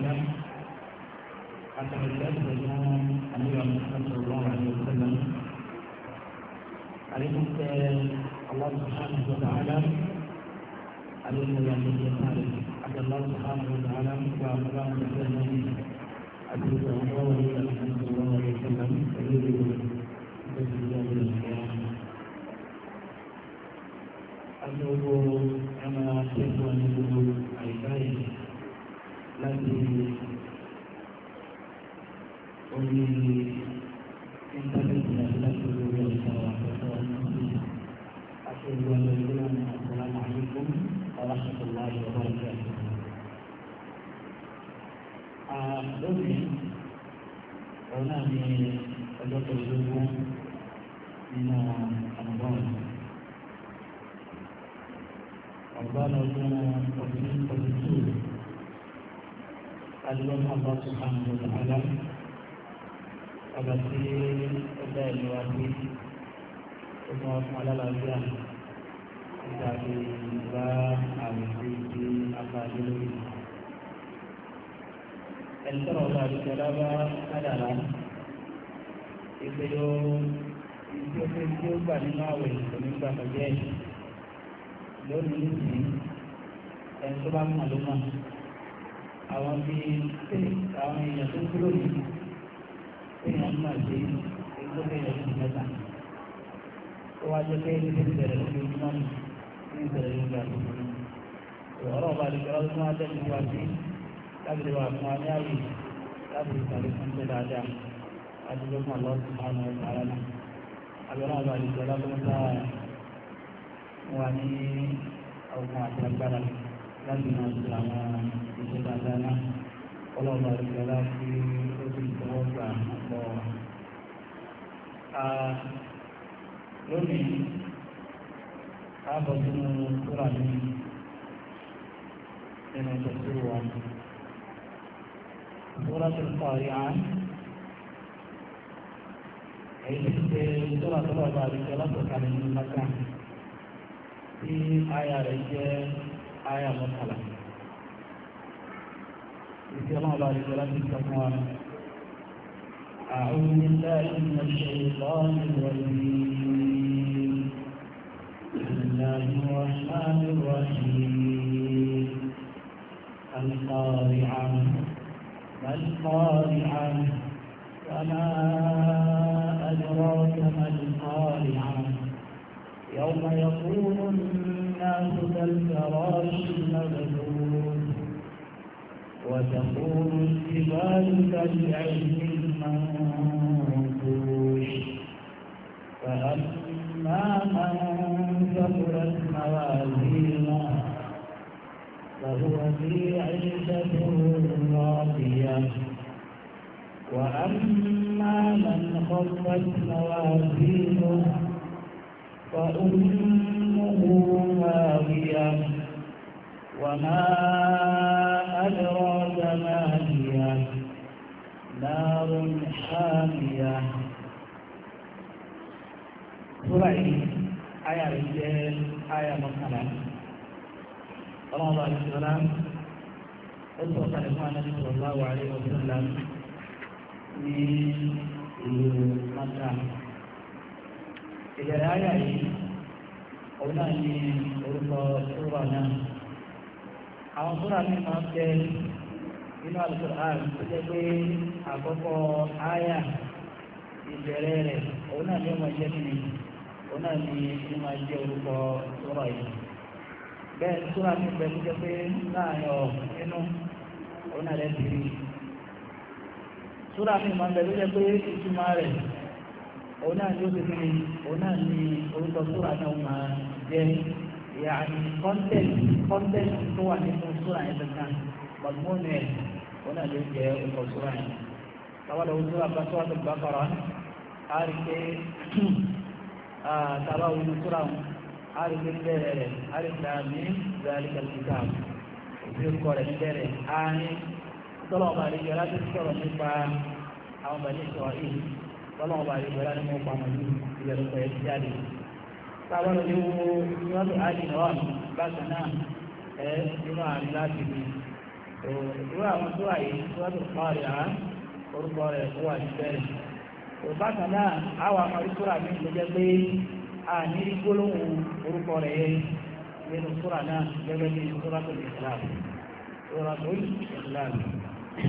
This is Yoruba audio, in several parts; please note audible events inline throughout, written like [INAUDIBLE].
أعلم أتحدث بأن أمير المسلمين صلى الله عليه وسلم عليكم الله سبحانه وتعالى عليكم يا سيدي عبد الله سبحانه وتعالى وأمام الجنة ربنا وكان توفيق الدين ألوان الله سبحانه وتعالى أبسير أداء الوافي ثم على الأرجاء Ìjàdé ìgbà àwòrán ti àbájọ lórí. Ẹni tọ́rọ̀ ọ̀gá àdìsẹ́lá bá kádàrá. Ìgbéyàwó ìjọ́fẹ́ tí ó gbà nínú àwẹ̀ onígbàgbọ́jẹ́ yìí lónìí sí ẹni tó bá mọ̀ ló mọ̀ àwọn bí àwọn èèyàn tó kúrò yìí èèyàn mọ̀ sí ẹgbẹ́ èèyàn tó mẹ́ta ó wá jẹ́ pé ẹni tó bẹ̀rẹ̀ lórí ojúmọ́ mi ní ìbẹ̀rẹ̀ lórí àtúntò mi ọ̀rọ̀ ọba àdìgbà ọdún wa tẹ̀lé wa sí láti wà fún wa àyè láti lè fún ṣẹ́ dáadáa àdìgbò kan lọ́sùn àwọn ọ̀sán ara náà àbẹ̀rẹ̀ ọba àdìgbà wà ní ọgbọ́n àti agbára láti máa ṣe àwọn iṣẹ́ dáadáa náà ọlọ́ọ̀bà ìṣẹ̀lá tí ó ti tọwọ́ gbà pọ̀. lónìí káàbọ̀ sínú kúrà ní nínú ìtọ́sí wa. Kúrà tó ń parí á. Èyí ti ṣe ìṣọ́ra tó lọ́ọ̀bà ìṣẹ̀lá tó kalẹ̀ ní Mákà. tí aya أعوذ بالله من الشيطان الرجيم بسم الله الرحمن الرحيم ما القارعة وما أدراك ما القارعة يوم يكون الناس كالفراش المبذول وتكون الجبال كالعلم المنفوش فأما من ثقلت موازينه فهو في عيشة راضية وأما من خفت موازينه فأمه هاوية وما أدراك ما هي نار حامية سورة آية رجال آية مثلا رمضان عليه السلام أسوة الإخوان صلى الله عليه وسلم من مكة ìbẹ̀rẹ̀ ayà yìí òun náà ní orúkọ sóra náà àwọn sóra mi máa ń tẹ nínú Al-Qur'an tó jẹ́ pé àkọ́kọ́ ayà ìbẹ̀rẹ̀ rẹ̀ òun náà ní ọmọ ìjẹ́ nínú òun náà ní ní máa jẹ́ orúkọ sóra yìí bẹ́ẹ̀ sóra mi pẹ̀lú jẹ́ pé láàrin ọ̀ nínú òun náà rẹ̀ ti rí sóra mi máa ń bẹ̀rù jẹ́ pé ìtumọ̀ rẹ̀ òun náà ni ó ti fi òun náà ni orúkọ súra náà máa jẹ yàrá kọ́ńtẹ́ẹ̀tì kọ́ńtẹ́ẹ̀tì tó wà nínú súra yẹn kankan mọ̀gbọ́n ẹ̀ òun náà ló jẹ orúkọ súra yẹn. sábàlọ̀ ojú abasọ́wọ́ tó bá kọ́ra á rí pé sábà ojú súra wọn á rí pé bẹ́ẹ̀ rẹ̀ á rí pé àmì ìgbàlẹ̀ kìkà òbí orúkọ rẹ̀ ní bẹ́ẹ̀ rẹ̀ á ní tọ́lọ̀ ọba àlejò ọlọ́run bá yóò gbọ́dá nínú ọ̀pọ̀ àwọn ìlú ìyẹ̀rù pẹ̀ ti jáde. sábà lóde wo ìwádìí àdìrà wà bákan náà ẹ nínú àárín láti rí irú àwọn tó àyè ìwádìí pààrọ̀ àá orúkọ rẹ̀ ó wà níbẹ̀ rẹ̀. bákan náà àwọn àmọ́ ìṣúra mi ló jẹ́ pé a ní gbólóhùn orúkọ rẹ̀ yẹ nínú ìṣúra náà gẹ́gẹ́ bí ìṣúra tó lè ṣe ìṣúra tó lè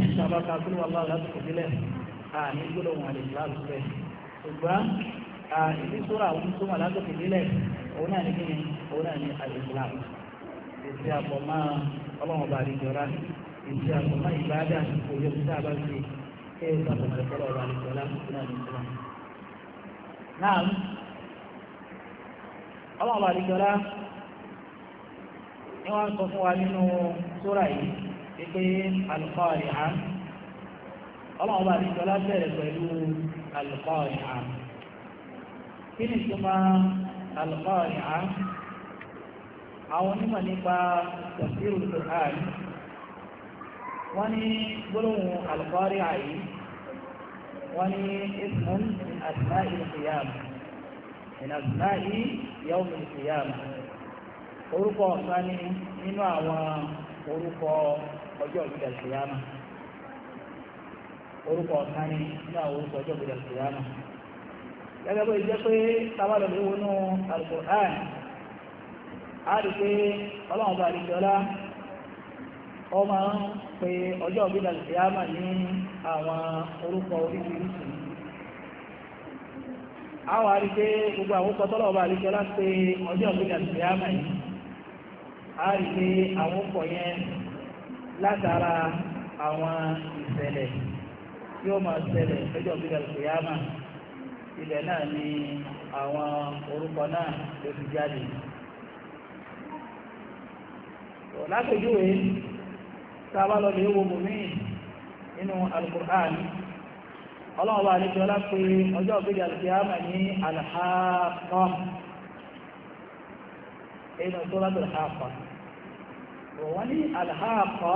ṣe sábà ká àní gbọ́dọ̀ wọn àlè ìlà àlùfẹ́ ṣùgbọ́n ìdí sọ́rọ̀ àwọn tó wà látòkè nílẹ̀ òun náà ní kíni òun náà ní àlè ìlà ìṣe àpọ̀mọ́ ọlọ́run ọba àdìjọra ìṣe àpọ̀mọ́ ìbáadà òye òkúta bá fi ṣe é sàpọ̀mọ́ ìfọ́lọ́ ọba àdìjọra náà ní ìlà. náà ọlọ́run ọba àdìjọra ni wọ́n sọ fún wa nínú sọ́rọ̀ yìí pé alùpàá rẹ̀ hàn ọlọ́run bá níjọ lábẹ́rẹ̀ pẹ̀lú alùkọ́ọ̀yà kí ni túmọ̀ alùkọ́ọ̀yà àwọn onímọ̀ nípa tafsir al-Qur'an wọ́n ní gbólóhùn alùkọ́ọ̀yà yìí wọ́n ní ismun min asma'i al-qiyamah min asma'i yawm orúkọ ọ̀sán ní nínú àwọn orúkọ ọjọ́ ìgbàlùkìyàmù orúkọ ọ̀tá ní nígbà orúkọ ọjọ́ ìgbèdà ìyáàmà gẹ́gẹ́ bó jẹ́ pé tábàlọ̀ ló wọnú alukur'an a rí pé ọlọ́run bá rí jọlá ń pe ọjọ́ ìgbèdà ìyáàmà ní àwọn orúkọ oríṣiríṣi a wà rí pé gbogbo àwọn orúkọ tọ́lọ̀ bá rí jọlá pé ọjọ́ ìgbèdà ìyáàmà yìí a rí pé àwọn orúkọ yẹn látara àwọn ìṣẹ̀lẹ̀ yìí yóò máa ṣẹlẹ̀ lọ́jọ́ bí alùpùpù ilẹ̀ náà ni àwọn orúkọ náà ló fi jáde. lápèjúwe sábà lọ lè wo bùnmí nínú alukur'an ọlọ́run bá àlejò lápè ọjọ́ bí alùpùpù ní alhàkọ́ inú tó lábẹ́ alhàkọ́ wọ́n ní alhàkọ́.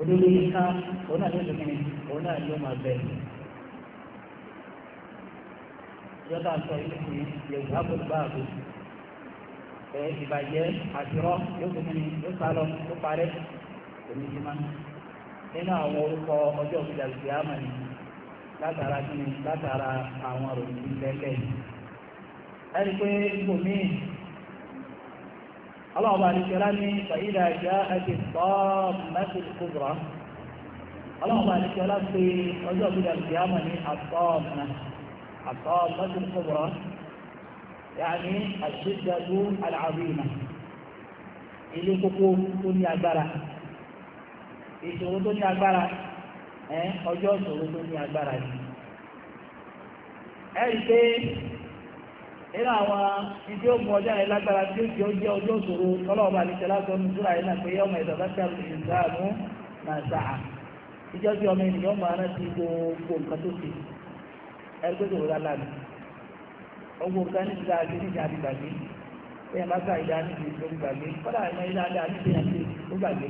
olólè ká òun náà ló ti kíni òun náà yóò máa bẹ̀. yọ́tà sọ yìí ti yẹ̀wù ábòlùbáàbò ẹ ìbàjẹ́ àtirọ́ yóò ti kíni yóò sá lọ yóò parẹ́ òní ti má. nínú àwọn orúkọ ọjọ́ òkúta ìgbé àmà ni látara kíni látara àwọn òròyìn bẹ́ẹ̀ bẹ́ẹ̀. ẹni pé ibòmíì aláwọ̀ bá ní ṣẹlá ní fàídà ìjá àti tọ́ọ̀mẹ́sì kúbra aláwọ̀ bá ní ṣẹlá pé ọjọ́ ìbílẹ̀ ìyámọ̀ ní àtọ́ọ̀mẹ́sì kúbra yàní àṣíṣẹ́jú aláàbìmọ̀ ilé kókó tó ní agbára ìṣòro tó ní agbára ọjọ́ ìṣòro tó ní agbára yìí ẹ̀rí pé nínú àwọn ibi ó mú ọjọ́ yẹn lágbára tí ó ti ó jẹ́ ọjọ́ òṣòro ndị bá níṣẹ́ látọ̀ ní ìṣúra yẹn náà pé yọmọ ìdọ̀bá sáàmù ìṣàánú náà sàá ìjọ tí ọmọ ènìyàn máa gbogbo nǹkan tó ṣe rọra lánà nǹkan ní ìṣúra àti gbàgbé ìdá ní gbàgbé kọ́dà ìmọ̀ àti gbàgbé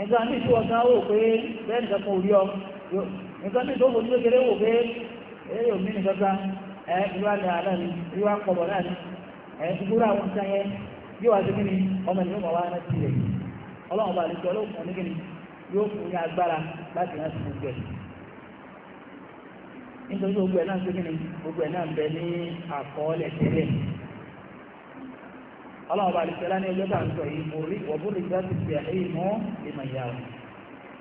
nǹkan ní tí ọ̀gá wò pé bẹ́ẹ̀ nìkan orí ọ nǹkan ní tó fojú kékeré wò pé eré omi nìkan kan náà yẹn yóò wá sí ọmọ ìlú náà ti rẹ̀ ọlọ́run bá lè sọ ọlọ́run ní kí yóò fún ní agbára láti ọlọ́run ọba alikela ní ọjọ́ bá ń sọ yìí mo rí wọ́bùrì gbàtì jẹ̀hìn mọ́ ìmọ̀ ìyá rẹ̀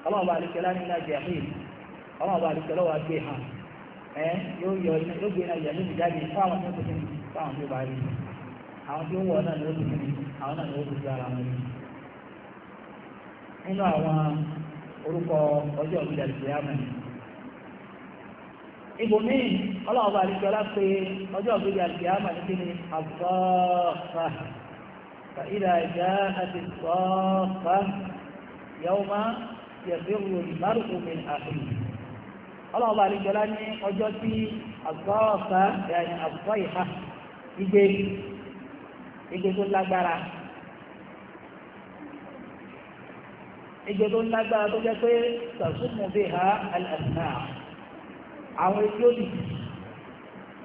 ọlọ́run ọba àlìkẹ́lá ní iná jẹ̀hìn ọlọ́run ọba àlìkẹ́lá wà gbé hàn ẹ́ yaa yọ iná yóò فإذا جاءت الصافة يوم يفر المرء من أخيه ọlọ́ọ̀bá àríjọlá ní ọjọ́ tí àgbọ́ọ̀fà yàní àgbọ́ ìhà igbe igbe tó lágbára igbe tó lágbára tó jẹ́ pé sàtúnmù bí ha alẹ́sìnà àwọn ẹgbẹ́ òdì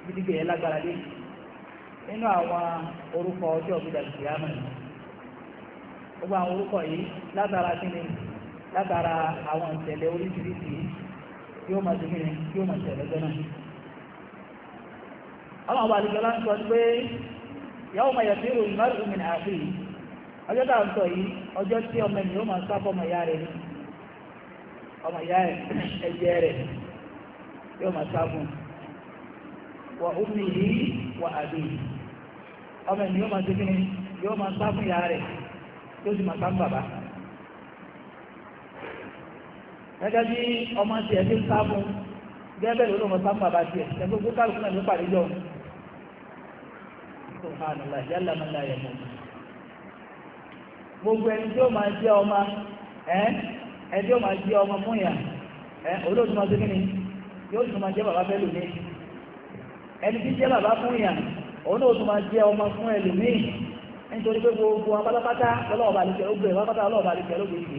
gidigbe lágbára lẹ́yìn nínú àwọn orúkọ ọjọ́ òbídà ìsìlámù gbogbo àwọn orúkọ yìí látara kíni látara àwọn ìṣẹ̀lẹ̀ oríṣiríṣi yóò máa dùn yóò máa ṣẹlẹ̀ gbẹ́nà. àwọn ọba àdìgbò láti sọ pé yàwó máa yàtí ìròyìn máa rùn mìíràn àfi ọjọ́ tá à ń sọ yìí ọjọ́ tí ọmọ ènìyàn máa sá fọmọ ìyá rẹ̀ ọmọ ìyá ẹ̀jẹ̀ rẹ̀ yóò máa wa ummihi wa abihi ọmọ ẹni yóò máa ṣe kíni yóò máa sá fún ìyá rẹ̀ yóò sì máa sá fún bàbá gẹ́gẹ́ bí ọmọ ti ti ń sá fún gẹ́gẹ́ ló lọ́mọ sá fún bàbá tiẹ̀ ẹgbẹ́ gbogbo kálukú náà ló pàdé jọ gbogbo ẹni tí ó máa jẹ ọmọ ẹ ẹni tí ó máa jẹ ọmọ fún yà ẹ olóòtú máa ṣe kíni yóò sì máa jẹ bàbá fẹ́ lónìí ẹni tí jẹ́ bàbá fún ìyàn òun náà tún máa jẹ́ ọmọ fún ẹlòmíì nítorí pé gbogbo abálápátá lọ́lọ́ọ̀bà lè tẹ̀lógbè abálápátá lọ́lọ́ọ̀bà lè tẹ̀lógbè ìgbè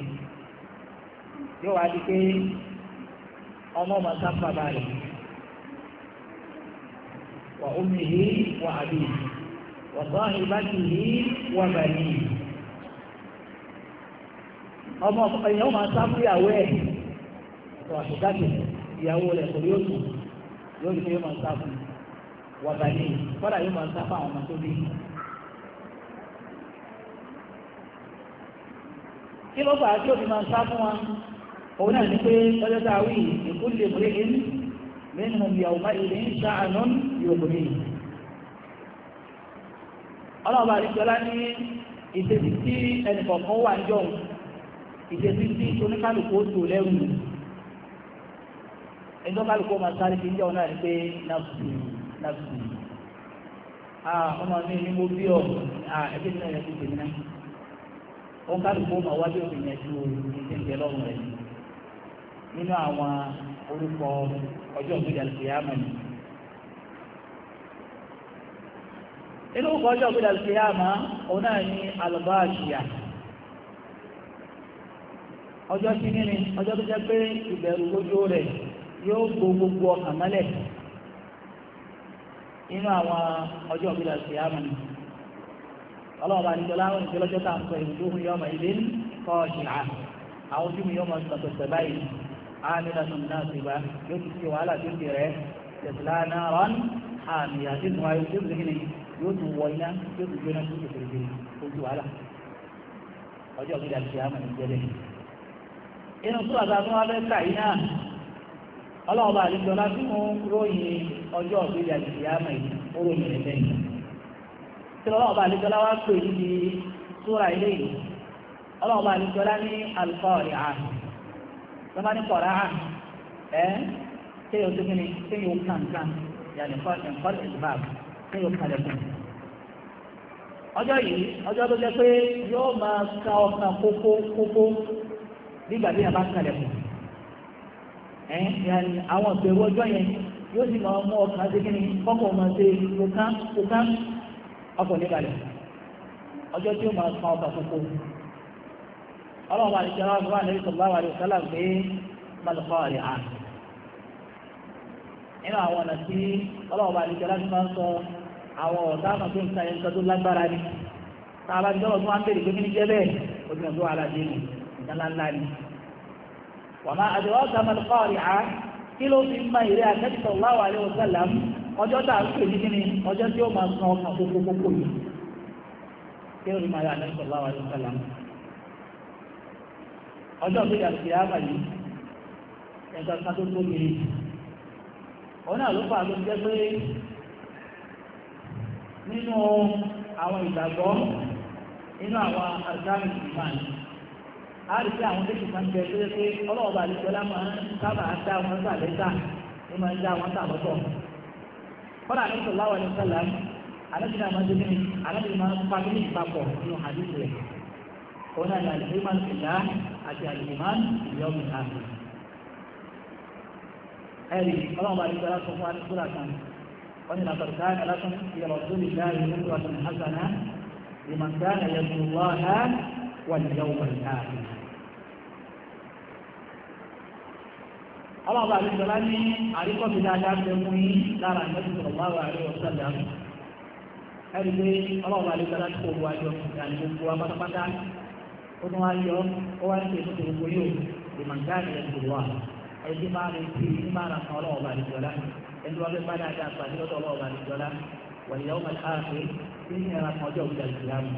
yóò wá di pé ọmọ ọmọ sáfà bá rẹ̀ wà omi yìí wà àbí wà sọ́ ìbájú yìí wà bàní ọmọ ẹ̀yàn ọmọ sáfà ìyàwó ẹ̀ wà sọ́dájú ìyàwó rẹ̀ kò yóò tún yóò di pé ọmọ sáfà wàbàlẹ̀ kọ́dà yóò máa sáfà àwọn ọmọ tó bí. kí ló fà á tí òbí máa sá fún wa òun náà ní pé ọjọ́ tá a wí ìkú lè múlé ẹni lẹ́nu ìyàwó má ilé ń sá àná yòókù ní. ọlọ́ọ̀bà àdìsọ́lá ní ìṣesí tí ẹnìkọ̀ọ̀kan wà ń jọ̀hún ìṣesí tí oníkálukú ó tò lẹ́rù ẹ̀ńdọ́kálukú máa sáré fi ń jọ̀hún náà ní pé náà sùn láti ọmọ mi ni mo bí ọ ẹgbẹ́ mi náà yẹ kó tèmi náà ó ń kálukú ọmọ wájú òfin yẹn ju ìdíje lọ́rùn rẹ̀ nínú àwọn orúkọ ọjọ́ ògbéjà lùkìyàmọ̀ ni. inú orúkọ ọjọ́ ògbéjà lùkìyàmọ̀ òun náà ni alùbáàṣìyà ọjọ́ tí nínú ọjọ́ tó jẹ́ pé ìbẹ̀rù lójú rẹ̀ yóò gbó gbogbo ọkàn mọ́lẹ̀ nínú àwọn ọjọ́ òbílẹ̀ sí àmàlì ọlọ́ọ̀bá ní jọlá òun ìjọlọ́jọ́ tá à ń sọ ìlú ohun yọmọ ilé ń kọ́ ọ̀ṣìlá àwọn ojú mi yọmọ ìsọ̀tọ̀sẹ̀ báyìí àmì lásán náà sì bá yóò ti ṣe wàhálà tó ti rẹ̀ tẹ̀sílá náà rán àmì àti ìmọ̀ ayé tó ti gbìn yóò tún wọ iná yóò tún gbéná tó ti fèrè ojú wàhálà ọjọ́ òbílẹ̀ sí àmàlì jẹ́lẹ̀ inú súrà ọlọ́run bá àlejò ọlá tí mo ń ròyìn ọjọ́ ọ̀gbẹ́jà ìdí àmà yìí ó ròyìn ẹ̀fẹ́ yìí tí ọlọ́run bá àlejò ọlá wá pè ní di súra ilé yìí ọlọ́run bá àlejò ọlá ní alukọ́ọ̀rì à lọ́ba ní kọ̀ọ̀rà à ẹ́ kéèyàn tó kí ni kéèyàn ó kàn kàn yàrá ẹ̀kọ́ ẹ̀kọ́ ìbáàbù kéèyàn ó kalẹ̀ kù ọjọ́ yìí ọjọ́ tó jẹ́ pé yóò máa ka ọkàn àwọn ìbẹ̀rù ọjọ́ yẹn yóò sì máa mú ọkàn ṣe kíni kọ́kọ́ máa ṣe kókán kókán ọkọ̀ níbalẹ̀ ọjọ́ tí ó máa fa ọkà kókó ọlọ́run àti ìṣẹ́lá ọ̀gbọ́n àti ìṣọ̀lá wà lóṣù sálà pé malùkọ́ rẹ̀ à nínú àwọn ọ̀nà tí ọlọ́run àti ìṣẹ́lá ti máa ń sọ àwọn ọ̀dá àmọ̀ tó ń ta ẹni tọ́jú lágbára ni tá a bá ti dọ́rọ̀ tó máa ń bèrè pé kí ni jẹ́ bẹ́ẹ̀ ojú ọ̀dọ́ alájẹ́ ni ìdánlá ńlá ni wàmá àdéhùn sàmàlùkọ́ọ̀rì á kí ló fi máa ìrẹ́ àtẹ́tìtọ̀ láwà àlẹ́ òsàlám ọjọ́ tá a ń pè ní kíni ọjọ́ tí ó máa san ọkàn kókókókó yìí kí ló fi máa ìrẹ́ àtẹ́tìtọ̀ láwà àlẹ́ òsàlám ọjọ́ tó yàtọ̀ ìyáàmà yìí ẹ̀ka kan tó tóbi òun náà ló fà á tó jẹ́ pé nínú àwọn ìgbàgbọ́ nínú àwọn àdáàmì ìfàní a rí pé àwọn tẹ́sí kan bẹ tó yẹ pé ọlọ́ọ̀bà àlejòlá máa ń sábà dá wọn sà lẹ́sà ó máa ń dá wọn sà lọ́tọ̀ kọ́dà ní sọ̀lá wà ní sọ̀lá alábìnrin àwọn ọmọdé ní alábìnrin máa ń pa nínú ìpapọ̀ nínú àdúgbò rẹ̀ òun náà ní àlejò máa ń fìlà àti àlejò máa ń ìyọ́ mi àmì ẹ̀rí ọlọ́ọ̀bà àlejòlá sọ fún àdúgbò kan wọ́n ní làkọ̀ọ̀ká aláṣọ́n ìyọ̀rọ̀ tó ọlọ́ọ̀bá àríṣọlá ní àríkọ́sí dáadáa fẹ́ mú yí lára ìmọ̀sí sọ̀rọ̀ bá wà wa pátápátá ó tún wá yọ ó wá ń ṣe ètò gbogbo yóò ìmọ̀gáàrí ẹ̀ gbogbo wa ẹni tí máa rí sí ní máa ra kan ọlọ́ọ̀bá àríṣọlá ẹni tí wọ́n fẹ́ bá dáadáa pàdé lọ́dọ̀ ọlọ́ọ̀bá àríṣọlá wọ̀nyẹ̀wò máa ń ṣe é ní ẹ̀rọ kan ọjọ́ òkúta ìsìlámù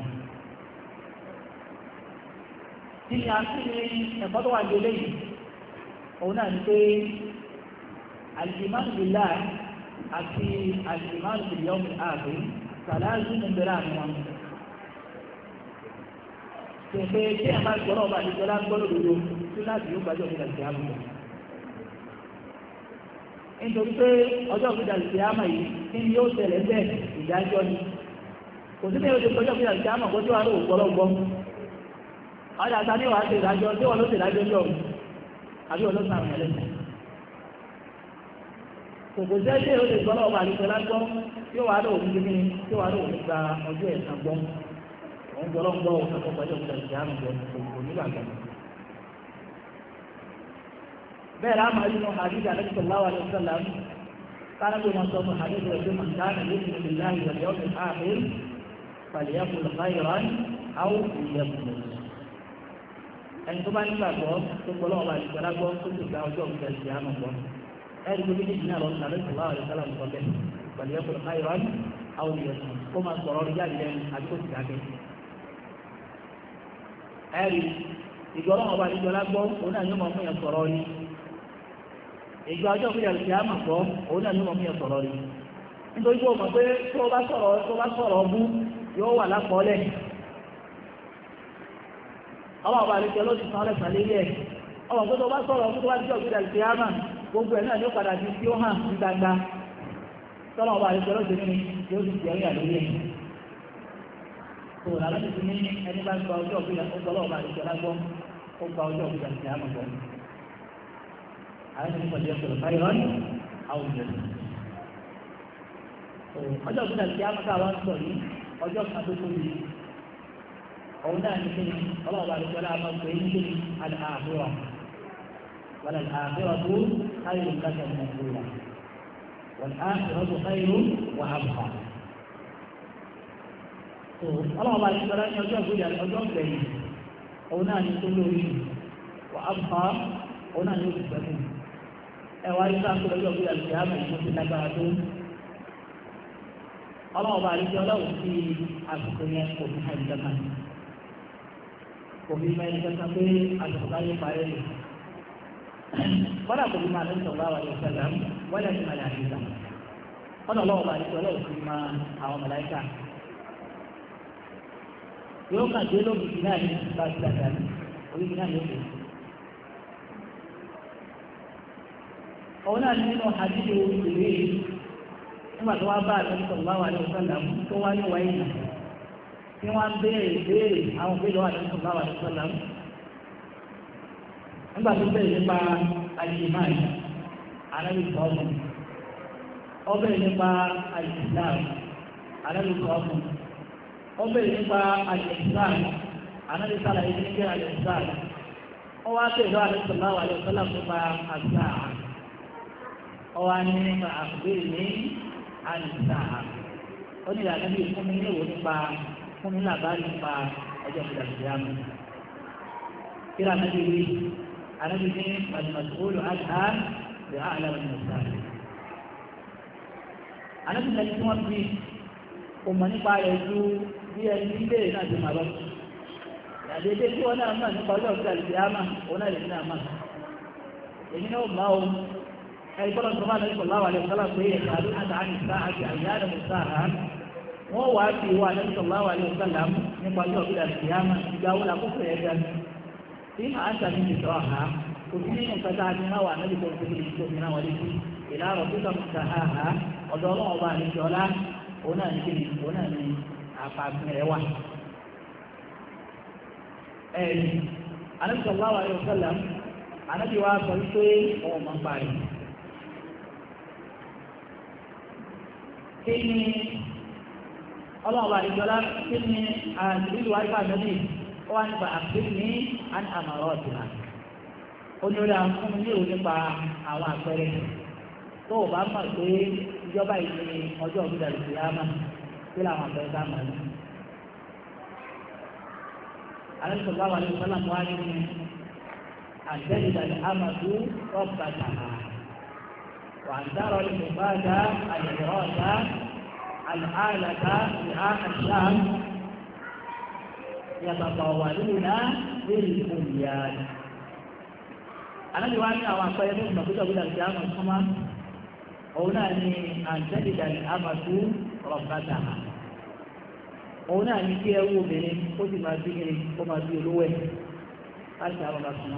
kí ni a ti ẹ̀kọ́ tó wà ní eléyìí òun náà ni pé alìmánu bìlá àti alìmánu bìlá ààbò sàlájú ní bẹ̀rẹ̀ àwọn ọmọ tẹ̀pẹ́ tí a máa ọba àdìgbọ́lá gbọ́nà òdodo tí láti yóò gbájọ́ òkúta ìṣẹ́ àmì nítorí pé ọjọ́ òkúta ìṣẹ́ àmì yìí kí ni yóò tẹ̀lé bẹ́ẹ̀ ìdájọ́ ni kò sí o ti kó tí wàá lò ni wàá ṣe ìdájọ́ tí wọ́n ló ṣe ìdájọ́ àbí ọlọ́sàn àwọn ẹlẹ́sìn kòkò jẹ́ ṣé o lè gbọ́ lọ́wọ́ àlùfẹ́ lágbọ́ yóò wá lóòrùn gbé ní yóò wá lóòrùn gba ọjọ́ ẹ̀sán gbọ́ òun gbọ́ lọ́wọ́ gbọ́ òun kọ́kọ́ pẹ̀lú òun tẹ̀sí àrùn gbọ́ kò ní gbàgbọ́. bẹ́ẹ̀ láàmú àyínú hadith alẹ́sọ̀ láwà ní sọ́lá kánábì wọn sọ fún hadith rẹ̀ màkánà ló fi láyé ọ̀dẹ́ ọ̀dẹ́ ààrẹ pàlẹ́yàpọ̀ lọ́fà ìrán àwọn ìyẹ̀kùn ẹni tó bá ní gbàgbọ́ tó gbọ́ lọ́wọ́ bá ti gbọ́dá gbọ́ tó sì gba ọjọ́ òkúta ìdí àmọ́ gbọ́ ẹni tó bí ní ìdílé àlọ́ sàlẹ̀ sọ̀rọ̀ àwọn ìsàlẹ̀ nǹkan bẹ́ẹ̀ pẹ̀lú ẹ̀kọ́ káyọ̀rọ̀ àwọn ìyẹ̀sùn kó máa sọ̀rọ̀ ọdún jáde lẹ́nu àti kó sì dákẹ́. ẹ̀rí ìjọ ọlọ́wọ́ bá ti gbọ́dá gbọ́ òun náà yóò mọ̀ fún yẹn sọ̀rọ̀ àwọn àwọn àlejò ọlọ́dún kan ọlẹ́sàn lérí ẹ̀ ọmọ gbọ́dọ̀ bá sọ̀rọ̀ ọmọ tó bá díjọ́ gbígbà ìpè ámà gbogbo ẹ̀ náà ní ó padà di tí ó hàn ní gbangba tọ́lọ̀ ọba àlejò ọlọ́dún ní yóò sì jẹ́ ìyà lórí ẹ̀ tó làlọ́ ti ní ẹni bá gba ọjọ́ gbígbà ó gbọ́lọ́ ọba àlejò ọlágbọ́ ó gba ọjọ́ gbígbà ìpè ámà gbọ́ àwọn ènìyàn pẹ̀lú ọ̀sọ̀rọ̀ fáyọ̀rọ̀ àwọn ènìyàn ọjọ́ gbígbà ìpè ámà òun náà ní kíni ọlọ́ọ̀bá àti ọlá máa ń pè é ní kíni àlàáfíà wọn àlàáfíà tó káyọ̀ nǹkan nàìjíríà wọn àlàáfíà tó káyọ̀ wà á bùkà. ọlọ́ọ̀bá àti ọlá ní ọjọ́ tó lórí wà á bùkà ti lágbára tó yẹn kò ní àìjọba kò fi pé àtùkùbá yóò parẹ́ lò kọ́dà kò fi máa lọ́sọ̀ ọ̀gá wa ti máa lè àdìsá kọ́dà ọlọ́wọ́ bá yóò sọ̀rọ̀ sí máa àwọn mọ̀láìkà yóò kà dé lóbìsì náà ní bá ti dàgbà ní oríṣi náà yóò dé. òun náà ní nínú àdídò nígbà tó wá bá tí wọ́n ń béèrè ìbéèrè àwọn òbí lọ́wọ́ àdéhùn bá wà lọ́sọ̀ lọ́wọ́. nígbà tó bẹ̀rẹ̀ nípa àjìmáì anábì sọ́ọ̀mù ó bẹ̀rẹ̀ nípa àjìláà anábì sọ́ọ̀mù ó bẹ̀rẹ̀ nípa àjìláà anábì sọ́ọ̀mù àyè ní kí àjìláà ó wá bẹ̀rẹ̀ lọ́wọ́ àdéhùn bá wà lọ́sọ̀ lọ́wọ́ nípa àjìláà ó wá ní nípa àkùbẹ́rẹ̀ ní àjìláà fún ní làbárí nípa ọjọ́ ìdàgbìyàmù kíra anábì wí anábì ní alimọ̀tòwòlò àdá lè á àlàyé ní ọ̀sán anábì lẹ́ni tí wọ́n fi òmò nípa rẹ̀ ju bí ẹni ilé náà ti máa lọ àdédé tí wọ́n náà mọ̀ nípa ọjọ́ ìdàgbìyàmù òun náà lè ní àmà èyí náà máa ohun ẹ̀rí bọ́lá tó bá lọ́yìn láwàlẹ̀ ọ̀sán láti pé ẹ̀ka àdúrà àti àmì sáà àti àyà àdàmù sáà wọ́n wàá fi ìwà àdéhùn sọ̀láwà ní ọ̀sán nípa ní ọ̀gbìn àti ìyáma ìgbà wo la kókò yẹn gan tí màá sàmì ti sọ àhá kò sí nínú nǹkan tá a ti náwà náà lóko tó lè tó mìíràn wọlé sí ìlà ọ̀rọ̀ tó sọ̀rọ̀ sà áhá ọ̀dọ̀ ọlọ́wọ́ bá àlejò ọlá òun náà ní kéde òun náà ní àfààfin rẹ̀ wà. ẹ̀ẹ́dì àdéhùn sọ̀láwà ní ọ̀sán ànábì wa sọ wípé ọlọ́ọ̀bà ìjọlá kí ni àdìlú àìfà lọ́dí ó wá nípa àfihàn ní àni àmàrọ̀ ọ̀tìlá ó ní orí àwọn fún mi ní nípa àwọn àpẹẹrẹ tó o bá mọ̀ pé ìjọba ìṣe ọjọ́ òbúdà lè fi ámà kí làwọn àpẹẹrẹ bá mọ̀ ní. alẹ́sọ̀ bá wà ní sọ́lá mọ́ àyè ní àtẹ́lẹ̀ ìdàlẹ̀ àmàdú rọ́bà tààrà wà ń dárọ̀ ní mùbá dá àyẹ̀wò ọ̀dá الآلة رئاء الشام يتطاولون بالبنيان أنا جواني أو أقول لكم مكتوب إلى القيامة الخمس هنا أن تجد الأمة ربتها هنا أن يكون بين قد ما فيه وما فيه لوه أشعر رسول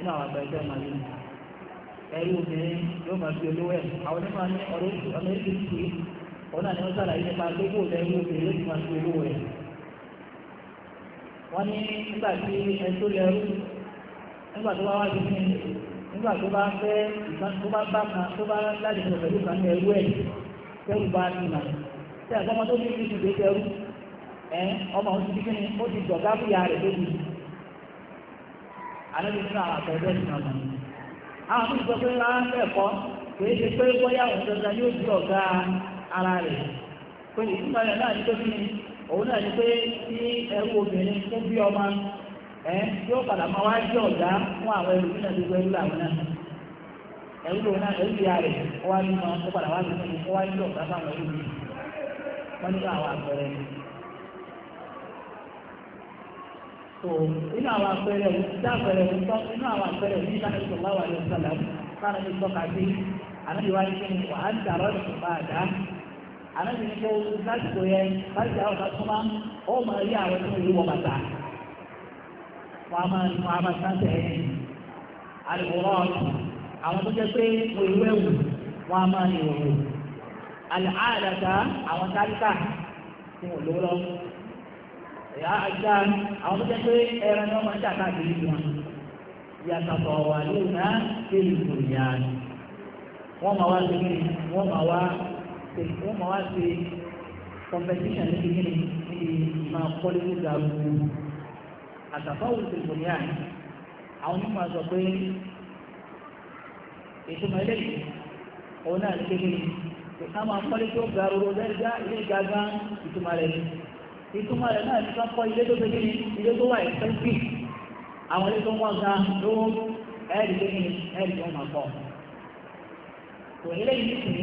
إلى ربتها مدينة ẹ̀rí obìnrin yóò máa fi olówó ẹ̀ àwọn onímọ̀ ní ọ̀rọ̀ oríṣiríṣi ọ̀nà ni wọ́n sàlàyé nípa pé kò lẹ́rú obìnrin lójú máa fi owó rẹ̀ wọ́n ní nígbà tí ẹ tó lẹ́rú nígbà tó bá wá sí ní nígbà tó bá fẹ́ tó bá bá kan tó bá láti pẹ̀lú kan ní ẹrú ẹ̀ tẹ́rù bá ara rẹ̀ pé ìtumọ̀ rẹ̀ náà ní tó fi òun náà ní pé tí ẹrú obìnrin tó bí ọmọ ẹ yóò padà máa wá jẹ́ ọ̀gá fún àwọn ẹrú nínú ẹgbẹ́ ẹrú làwọn náà ẹrú lòun náà ẹrú ìyá rẹ̀ ó wá nínú ó padà wá nínú ó wá jẹ́ ọ̀gá fáwọn ẹrú mi wọ́n nínú àwọn àpẹẹrẹ ni. tó inú àwọn àpẹẹrẹ òun ti dáàpẹẹrẹ òun tọ́ inú àwọn àpẹẹrẹ òun ní ìlànà ìṣọ̀lá wà ànábì ní a máa wọn a máa sáńtẹ̀ ẹ̀ àlùkòrọ̀ àwọn tó jẹ́ pé wọ́n ìwé wù wọn a máa ní ìwòwò àlùhàdàtà àwọn táríkà tí wọ́n lówó lọ́wọ́ ìyá ajá àwọn tó jẹ́ pé ẹran ni wọn yàtọ̀tọ̀ wọ́n máa wá ṣe competition ní kíkiri níbi máa kọ́lé tó ga gbogbo àtàfà òwúrò tó ní àná àwọn onímọ̀ sọ pé ètò máa lẹ́yìn òun náà ní kékeré pé ká máa kọ́lé tó ga roro lẹ́gbá ilé gàgá ìtumọ̀ rẹ̀ ni ìtumọ̀ rẹ̀ náà ní ká kọ́ ilé tó kékeré ilé tó wà ẹ̀fẹ́ǹsì àwọn ilé tó ń wọ́n ga lówó ẹ̀ẹ́dì kékeré ẹ̀ẹ́dì tó máa kọ́ tò eléyìí nìkìní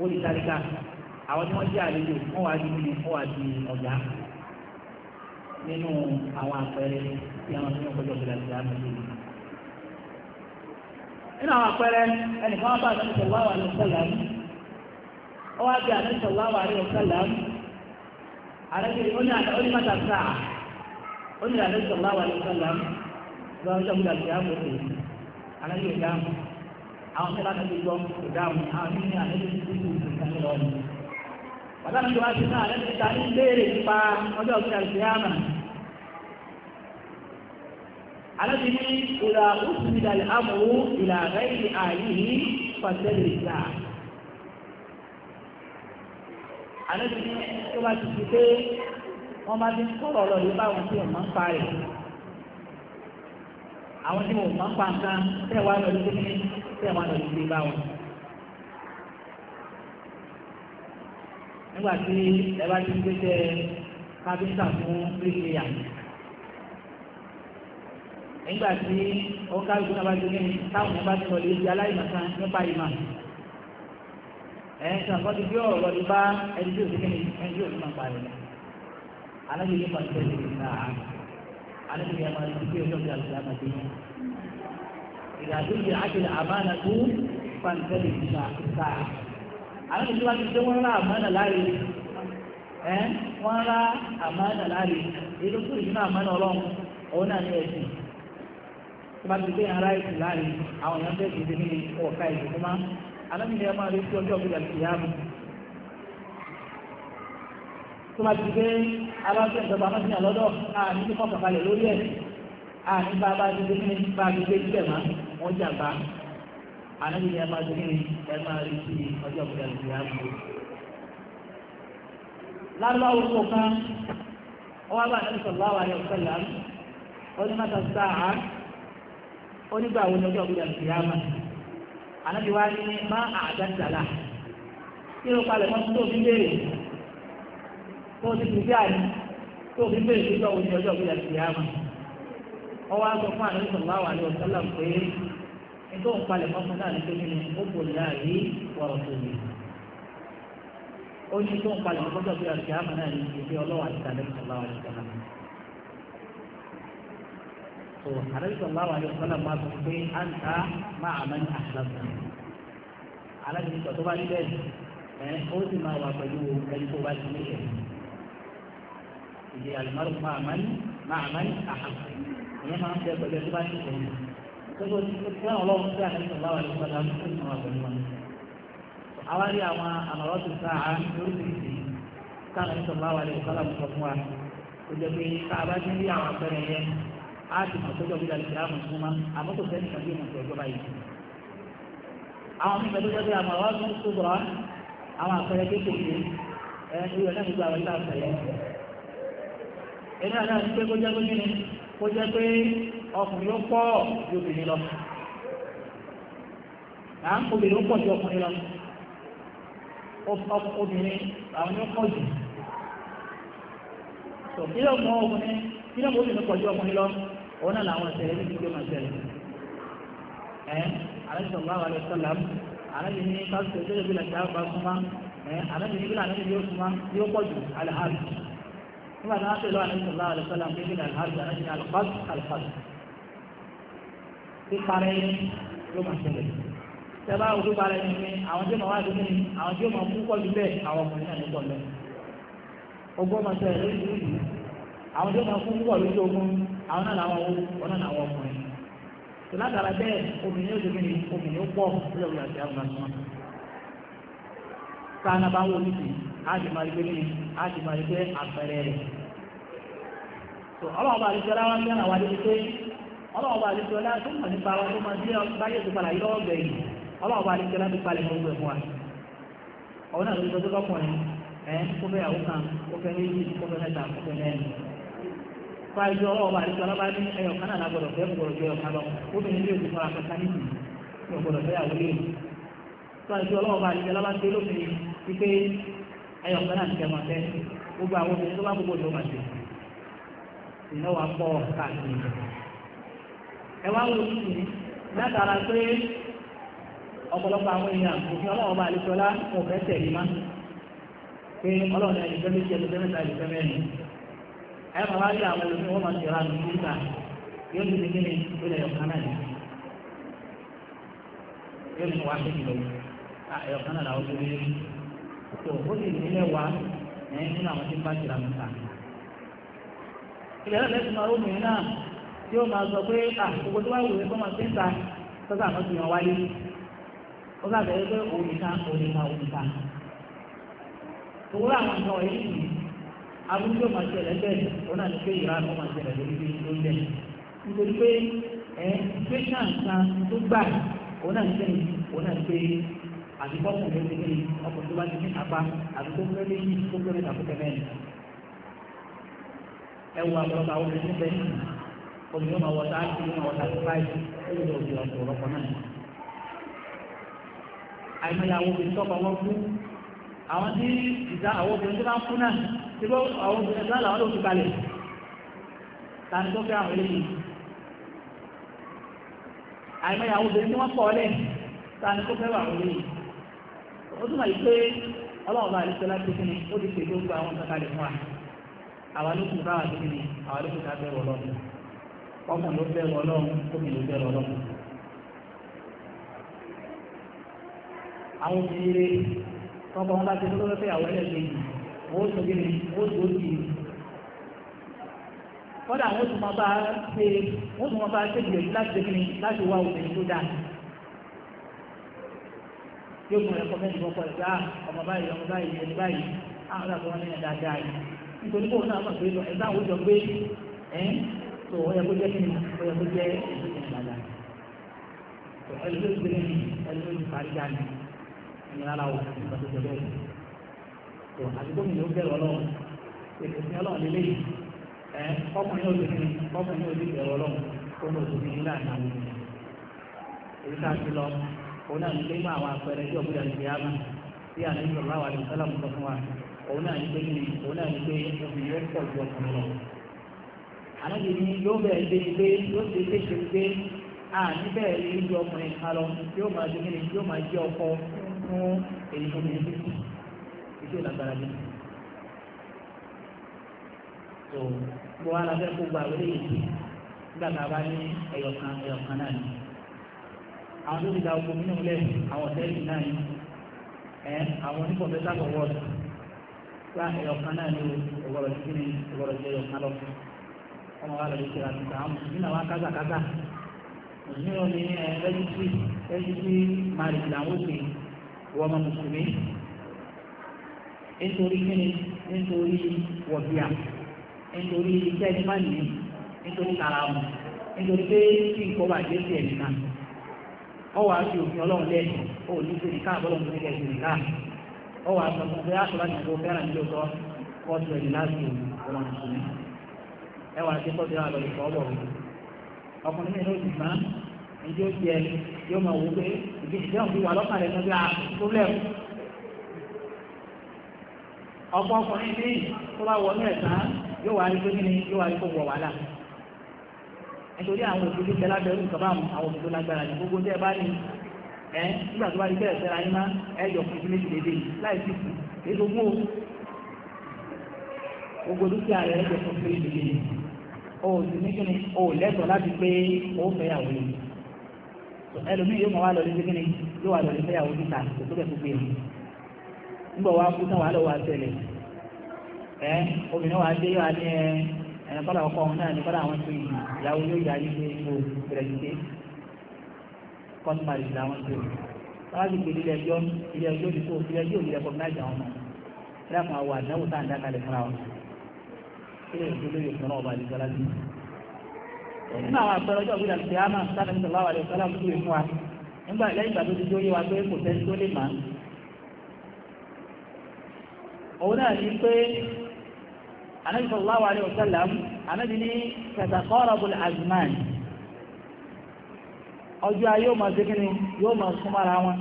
ó di tálíkà àwọn tí wọ́n jẹ́ àlejò wọ́n wá di wọ́n wá di ọ̀gá nínú àwọn àpẹẹrẹ tí àwọn tí wọ́n kọjọ́ ìgbàlá ti dáná sí i. nínú àwọn àpẹẹrẹ ẹnìkan wá bá àtàkùn sọ̀rọ̀ wà ní sọ̀làm ó wá bí àtàkùn onye wà ní sọ̀làm àrẹ́bìnrin ó wà ní àwọn tí láti fi jọ kò dáhùn àwọn tí ní àlejò tí kò tó lọ ni. bàbá mi wá sí náà lẹ́nu ìta ní béèrè nípa ọjọ́ òkúta ìṣẹ́yàmà. alábi ní ìlà oṣù ìdàlẹ̀ amòwò ìlà rẹ́yìn ààyè yìí pàṣẹlẹ̀ ìta. alábi ní tó bá ti fi pé wọ́n bá ti kọ́ ọ̀rọ̀ yìí báwọn tí wọ́n máa ń parí àwọn tí mo máa ń pa nǹkan tẹ́ wàá lọ sí ní tẹ́ wàá lọ sí bá wọn. nígbà tí ẹ bá ti gbé jẹ kábíńtà fún bíríkìlíà nígbà tí òun kábíńtà náà bá ti gbé táwọn yẹn bá ti lọlé di aláìmọ̀kan nípa ìmọ̀ ẹ̀ ṣàn kọ́ ti bí ọ̀rọ̀ lọ́dún bá ẹni tí ò sí kí ni ẹni tí ò sí máa parí. alágbèéyé kan ti tẹ̀lé ìgbà àná alẹ́ yẹn máa ti gbé ọjọ́ ìjà ìjà máa dé yẹn. ìdájọ́ ìjà àjẹlẹ̀ àmàna tó pàǹtẹ́lẹ̀ ìjà ìta. àwọn ìjọba wá ti dé wọ́n rá àmàna láre ẹ́ wọ́n rá àmàna láre èyí tó kúrò nínú àmàna ọlọ́run òun náà ní ẹ̀sìn tó bá ti gbé ara ẹ̀sìn láre àwọn èèyàn bẹ́ẹ̀ ti dé nínú ọ̀ka tó máa ti gbé aláṣẹ ìjọba amáṣíyàn lọ́dọ̀ àní tó kọ́kọ̀ balẹ̀ lórí ẹ̀ àní bá bá ti gbé ní bá ti gbé sílẹ̀ má wọ́n jàǹbá ànábi ni ẹ máa ti gbé ẹ máa rí sí ọjọ́ ìgbà ìgbà ìgbà lárúbáwò tó kan ọwọ́ bá ànábi sọ̀rọ̀ wà ní ọ̀sẹ̀ yàrá ó ní mọ́tà sáà ó nígbà wo ni ọjọ́ ìgbà ìgbà ànábi wá ní má àdá tó ti fi bí àyè tó fi bẹ́ẹ̀ tó tọ́wọ́ ní ọjọ́ ìgbéyà ti yá mọ́. wọ́n wá sọ fún àdéhùn sọ̀rọ̀ wà ní ọ̀sán làm pé ètò ìpalẹ̀ mọ́fún náà ní pé nínú ó kò láàyè wọ̀rọ̀ tó yẹ. ó ní tó ìpalẹ̀ mọ́fún ọjọ́ ìgbéyà ti yá mọ́ náà ní ìgbé ọlọ́wà àti àdéhùn sọ̀rọ̀ wà ní ọ̀sán làm so anabi sallallahu alayhi wa sallam máa sọ pé à ń ta máa àmà ní àṣàlàmù alábi ní sọ tó bá ní bẹ́ẹ̀ ẹ ó sì máa wà pẹ̀lú ẹni tó bá ti ní ìṣẹ̀lẹ̀ ìdí àlùmọ́rù máa máa ní máa máa ní àhàkù ìyẹn máa ń bẹ pẹ̀lú ẹgbẹ́ bá ti sọ yìí gbogbo ìpínlẹ̀ ọlọ́run sí àlẹ́sọ̀ bá wà ní ìpínlẹ̀ ọlọ́run sí ìmọ̀ pẹ̀lú wọn. àwa rí àwọn àmọ̀rọ̀ tó sá à lóríṣiríṣi káàmì sọ bá wà ní ìpínlẹ̀ ọlọ́run sọ fún wa kò jẹ́ pé tá a bá ti rí àwọn àpẹẹrẹ yẹn á ti mọ̀ tó jọ̀bí dàbí ìdáàmú fún wa àmọ́ kò sẹ́ni kan ìmọ̀ tó jẹ́ pé àwọn àpẹẹrẹ ẹ̀rẹ́ àdá ní pé kó jẹ́ pé kíni kó jẹ́ pé ọkùnrin ó pọ̀ ju obìnrin lọ à ń obìnrin ó pọ̀ ju ọkùnrin lọ obìnrin àwọn yóò pọ̀ jù tó kí ló mọ ọkùnrin kí ló mọ obìnrin pọ̀ ju ọkùnrin lọ òun náà làwọn ìṣẹ̀lẹ̀ ní ìdílé máa ṣẹlẹ̀ ẹ̀ alẹ́sọ̀lá wa alẹ́sọ̀lá alẹ́sọ̀lá ní káṣíṣẹ́ ìjọba ìlànà ìjọba súnmọ́ alẹ́sọ̀lá ní ìlànà ìjọba súnmọ́ nígbà tí wọ́n ṣe lọ́wọ́ àlejò sallallahu alaihi wasallam pé kí ni alhaji في alfaz alfaz tí parẹ́ ló máa ṣẹlẹ̀ tẹ́lá òkú parẹ́ ni pé àwọn tí ó máa wá dúró ní àwọn tí ó máa kú kọ́ ju bẹ́ẹ̀ àwọn ọkùnrin náà ní pọ̀ lọ ogun máa ṣẹlẹ̀ lórí ìlú yìí àwọn tí ó máa kú púpọ̀ lójú ogun àwọn náà làwọn owó wọn náà làwọn ọkùnrin tó látara bẹ́ẹ̀ obìnrin oṣù kìíní obìnrin pọ̀ lórí àti àwọn ọmọ a ti ní a ti máa rí àpẹẹrẹ rẹ̀ tó ọlọ́ọ̀bà àdìsọ́lá wá ń gbẹ́nà wá débi pé ọlọ́ọ̀bà àdìsọ́lá tó mọ̀ nípa wa tó máa gbé báyé tó padà yọ ọ̀gbẹ̀ yìí ọlọ́ọ̀bà àdìsọ́lá ti palẹ̀ mọ́ fún wa náà ló ń lọ́kùnrin ẹ̀ kó fẹ́ kan kó fẹ́ kó fẹ́ ẹyọ kan náà gbogbo àwọn obìnrin tó bá gbogbo ló máa ṣe ìnáwó akọ káàkiri ẹ wá wo sí látara pé ọ̀pọ̀lọpọ̀ àwọn èèyàn òfin ọlọ́wọ́ bá àlejòlá kò fẹ́ má pé ọlọ́run ẹni fẹ́ méjì ẹni fẹ́ mẹ́ta ẹni fẹ́ mẹ́rin ẹ máa wá rí àwọn wọn máa yóò náà yìí yóò ní náà tó ó sì ní mẹ́wàá ẹ̀ nínú àwọn tí ń bá tìrà mú ta. ilẹ̀ náà lẹ́sìn máa obìnrin náà tí ó máa sọ pé à gbogbo tó wá wù mí kọ́ máa ti ń ta sọ́sà àmọ́ ti yàn wáyé ó bá bẹ̀rẹ̀ pé òun nìkan òun nìkan òun nìkan. òwúrọ̀ àwọn nǹkan wọ̀nyí nìyí abúlé tó máa ṣẹlẹ̀ bẹ́ẹ̀ òun náà ní pé ìran ó máa ṣẹlẹ̀ lórí bí ó lẹ̀ nítorí pé ẹ̀ fẹ́ṣàn kan tó gbà òun náà ní pé òun náà ní pé àti bọ́sùn tó ti kiri ọkùnrin tó bá ti ní apá àti tó fẹ́ léyìn tó fẹ́ léyìn àkókò mẹ́rin. ẹ wo àgbọ̀lọpọ̀ àwọn obìnrin bẹ́ẹ̀ ni obìnrin máa wọ sáà tí máa wọ báyìí ó lè lọ òbí ọ̀sẹ̀ ọ̀rọ̀pọ̀ náà. àìmọye àwọn obìnrin tọ́pọ̀ wọn kú àwọn tí ìdá àwọn obìnrin tó bá ń kú náà tí bó àwọn obìnrin tó làwọn ló ti balẹ̀ tani tó fẹ́ àwọn eléyìí. àìmọye àwọn obìnrin tí wọ́n pọ̀ lẹ̀ ó túmọ̀ yìí pé ọlọ́run bá àlejò láti kí ni ó ti ṣe gbogbo àwọn nǹkan kalẹ̀ fún wa àwa ló kù káwà sí kí ni àwa ló kù ká bẹ̀rù ọlọ́run ọkùnrin ló bẹ̀rù ọlọ́run obìnrin ló bẹ̀rù ọlọ́run. àwọn obìnrin rẹ tọkọ wọn bá ti lọ́wọ́ pé àwọn ẹlẹ́gbẹ̀ẹ́ yìí wọ́n ó sọ kí ni wọ́n ó sọ kí kọ́dà wọ́n tún máa bá ṣe wọ́n tún máa bá ṣe gbìyànjú láti ṣe kí láti wá obìnrin tó dáa yóò tún ẹ̀kọ́ mẹ́rin fún ọkọ̀ ìgbà ah, ọmọ báyìí ọmọ báyìí ẹni báyìí àwọn ah, ọ̀dà tó wọn nínú dáadáa yìí nítorí pé òun náà mọ̀ pé ẹ̀dá àwọn òjò gbé ẹ̀ tó ọyẹ kó jẹ́ kí ni ọyẹ kó jẹ́ ìdíjìnlá ẹlẹ́gbẹ̀rẹ̀ ni ẹlẹ́gbẹ̀rẹ̀ fàájà ni ìnira la wò nípa tó jẹ bẹ́ẹ̀ tó àdúgbò mi ló bẹ̀rẹ̀ ọlọ́run ètò ìsìn ọlọ́run lélẹ̀ yìí ẹ ọkùnrin òdìní ọkùnrin òdìní bẹ̀rẹ̀ ọlọ́run tó ń lò tó ní ìlànà àwọn èyí tá a ti lọ òun náà ní pé mú àwọn àpẹẹrẹ tí ọ̀gbìn àti ìyá máa tí àti ìṣọ̀lá wà ní sálàmù sọ fún wa òun náà ní pé kí ni òun náà ní pé obìnrin yóò pọ̀ ju ọkùnrin lọ. àlejò ni yóò bẹ̀rẹ̀ débi pé yóò ṣe léṣe pé a níbẹ̀ rí ju ọkùnrin kan lọ yóò máa jẹ́ kíni yóò máa jẹ́ ọkọ fún èyí tó ní bí iṣẹ́ ìlàgbára bí. tó gbọ́ alábẹ́ gbogbo àwọn eléyìí nígbà tá a bá ní ẹyọkan ẹyọkan náà ni àwọn tó ti da oko nínú lẹ̀ àwọn tẹ́lì náà yìí ẹ̀ àwọn oníkọ̀ọ́fẹ́ sábà wọ́ọ̀dù gba ẹ̀yọ̀kan náà ní ọgọ́rọ̀ títí ní ọgọ́rọ̀ jẹ́ ẹ̀yọ̀kan lọ ọmọ wa lọ́dún kíra tuntun àwọn mùsùlùmí náà wá kásákásá mùsùlùmí wọn ní ẹ rẹ́jísírì rẹ́jísírì marriage làwọn òkè wọ́n ọmọ mùsùlùmí nítorí kíni nítorí wọ̀bíà nítorí iṣẹ́ ìmánìí nítorí kàràmù nítorí pé kí nǹkan bàjẹ́ sí ẹ̀ nìkan. ọwọ́ aṣọ òfin ọlọ́run lẹ́yìn ó ní ṣe nìkan àbọ́lọ́run ní ẹ̀sìn nìkan ọwọ́ aṣọ fún pé aṣọ láti ìgbó fẹ́ràn ní ẹ̀dì láti ọmọ ìṣúná ẹwà ọkùnrin yóò máa wò pé ìdí fi wà ọkùnrin tó bá wọ ní yóò wá rí pé kí ni yóò wá rí pé wọ wàhálà nítorí àwọn òbí tẹ́lá bẹ̀rù nǹkan àwọn òbí tó ní gbogbo tẹ́ bá ní ẹ́ nígbà tó bá ní bẹ́ẹ̀ fẹ́ra yín má fún méjì lédè láì sí kù èso mú gbogbo dúkìá rẹ̀ ẹ fún méjì lédè o ò sì ní kíni o láti pé o fẹ́ ẹlòmíì yóò wá lọ sí kíni e. yóò wá lọ sí fẹ́yàwó níta tó nígbà kú wa dé yóò ẹ̀yàn kọ́lá ọkọ òun náà ní kọ́lá àwọn tó yìí ìyàwó yóò yà yíṣe ipò pẹ̀lẹ́sìté kọ́tùmárì làwọn tó yìí wọ́n á sì pè nílé ẹjọ́ ilé ẹjọ́ ní kó ilé ẹjọ́ òbí rẹ̀kọ̀gnáìsì àwọn ọmọ ẹ̀ lápá àwọn àdáwò tá à ń dá kalẹ̀ fúnra wọn ilé ìlú lórí òfin náà ọba àdìsọ́ láti. nínú àwọn àpẹẹrẹ ọjọ́ ìgbìdà ti àmà sáfẹ́ nítorí wàhálà ìfọlá ń kúrò fún wa nígbà lẹ́yìn ìgbà tó ti jó yé wa pé kò sẹ́ni tó lè mà á. òun náà ní pé anabi sallallahu alayhi wa sallam anabi ní tataqarabu al-azman ọjọ́ ayé yóò máa ṣe kí ni yóò máa súnmọ́ ara wọn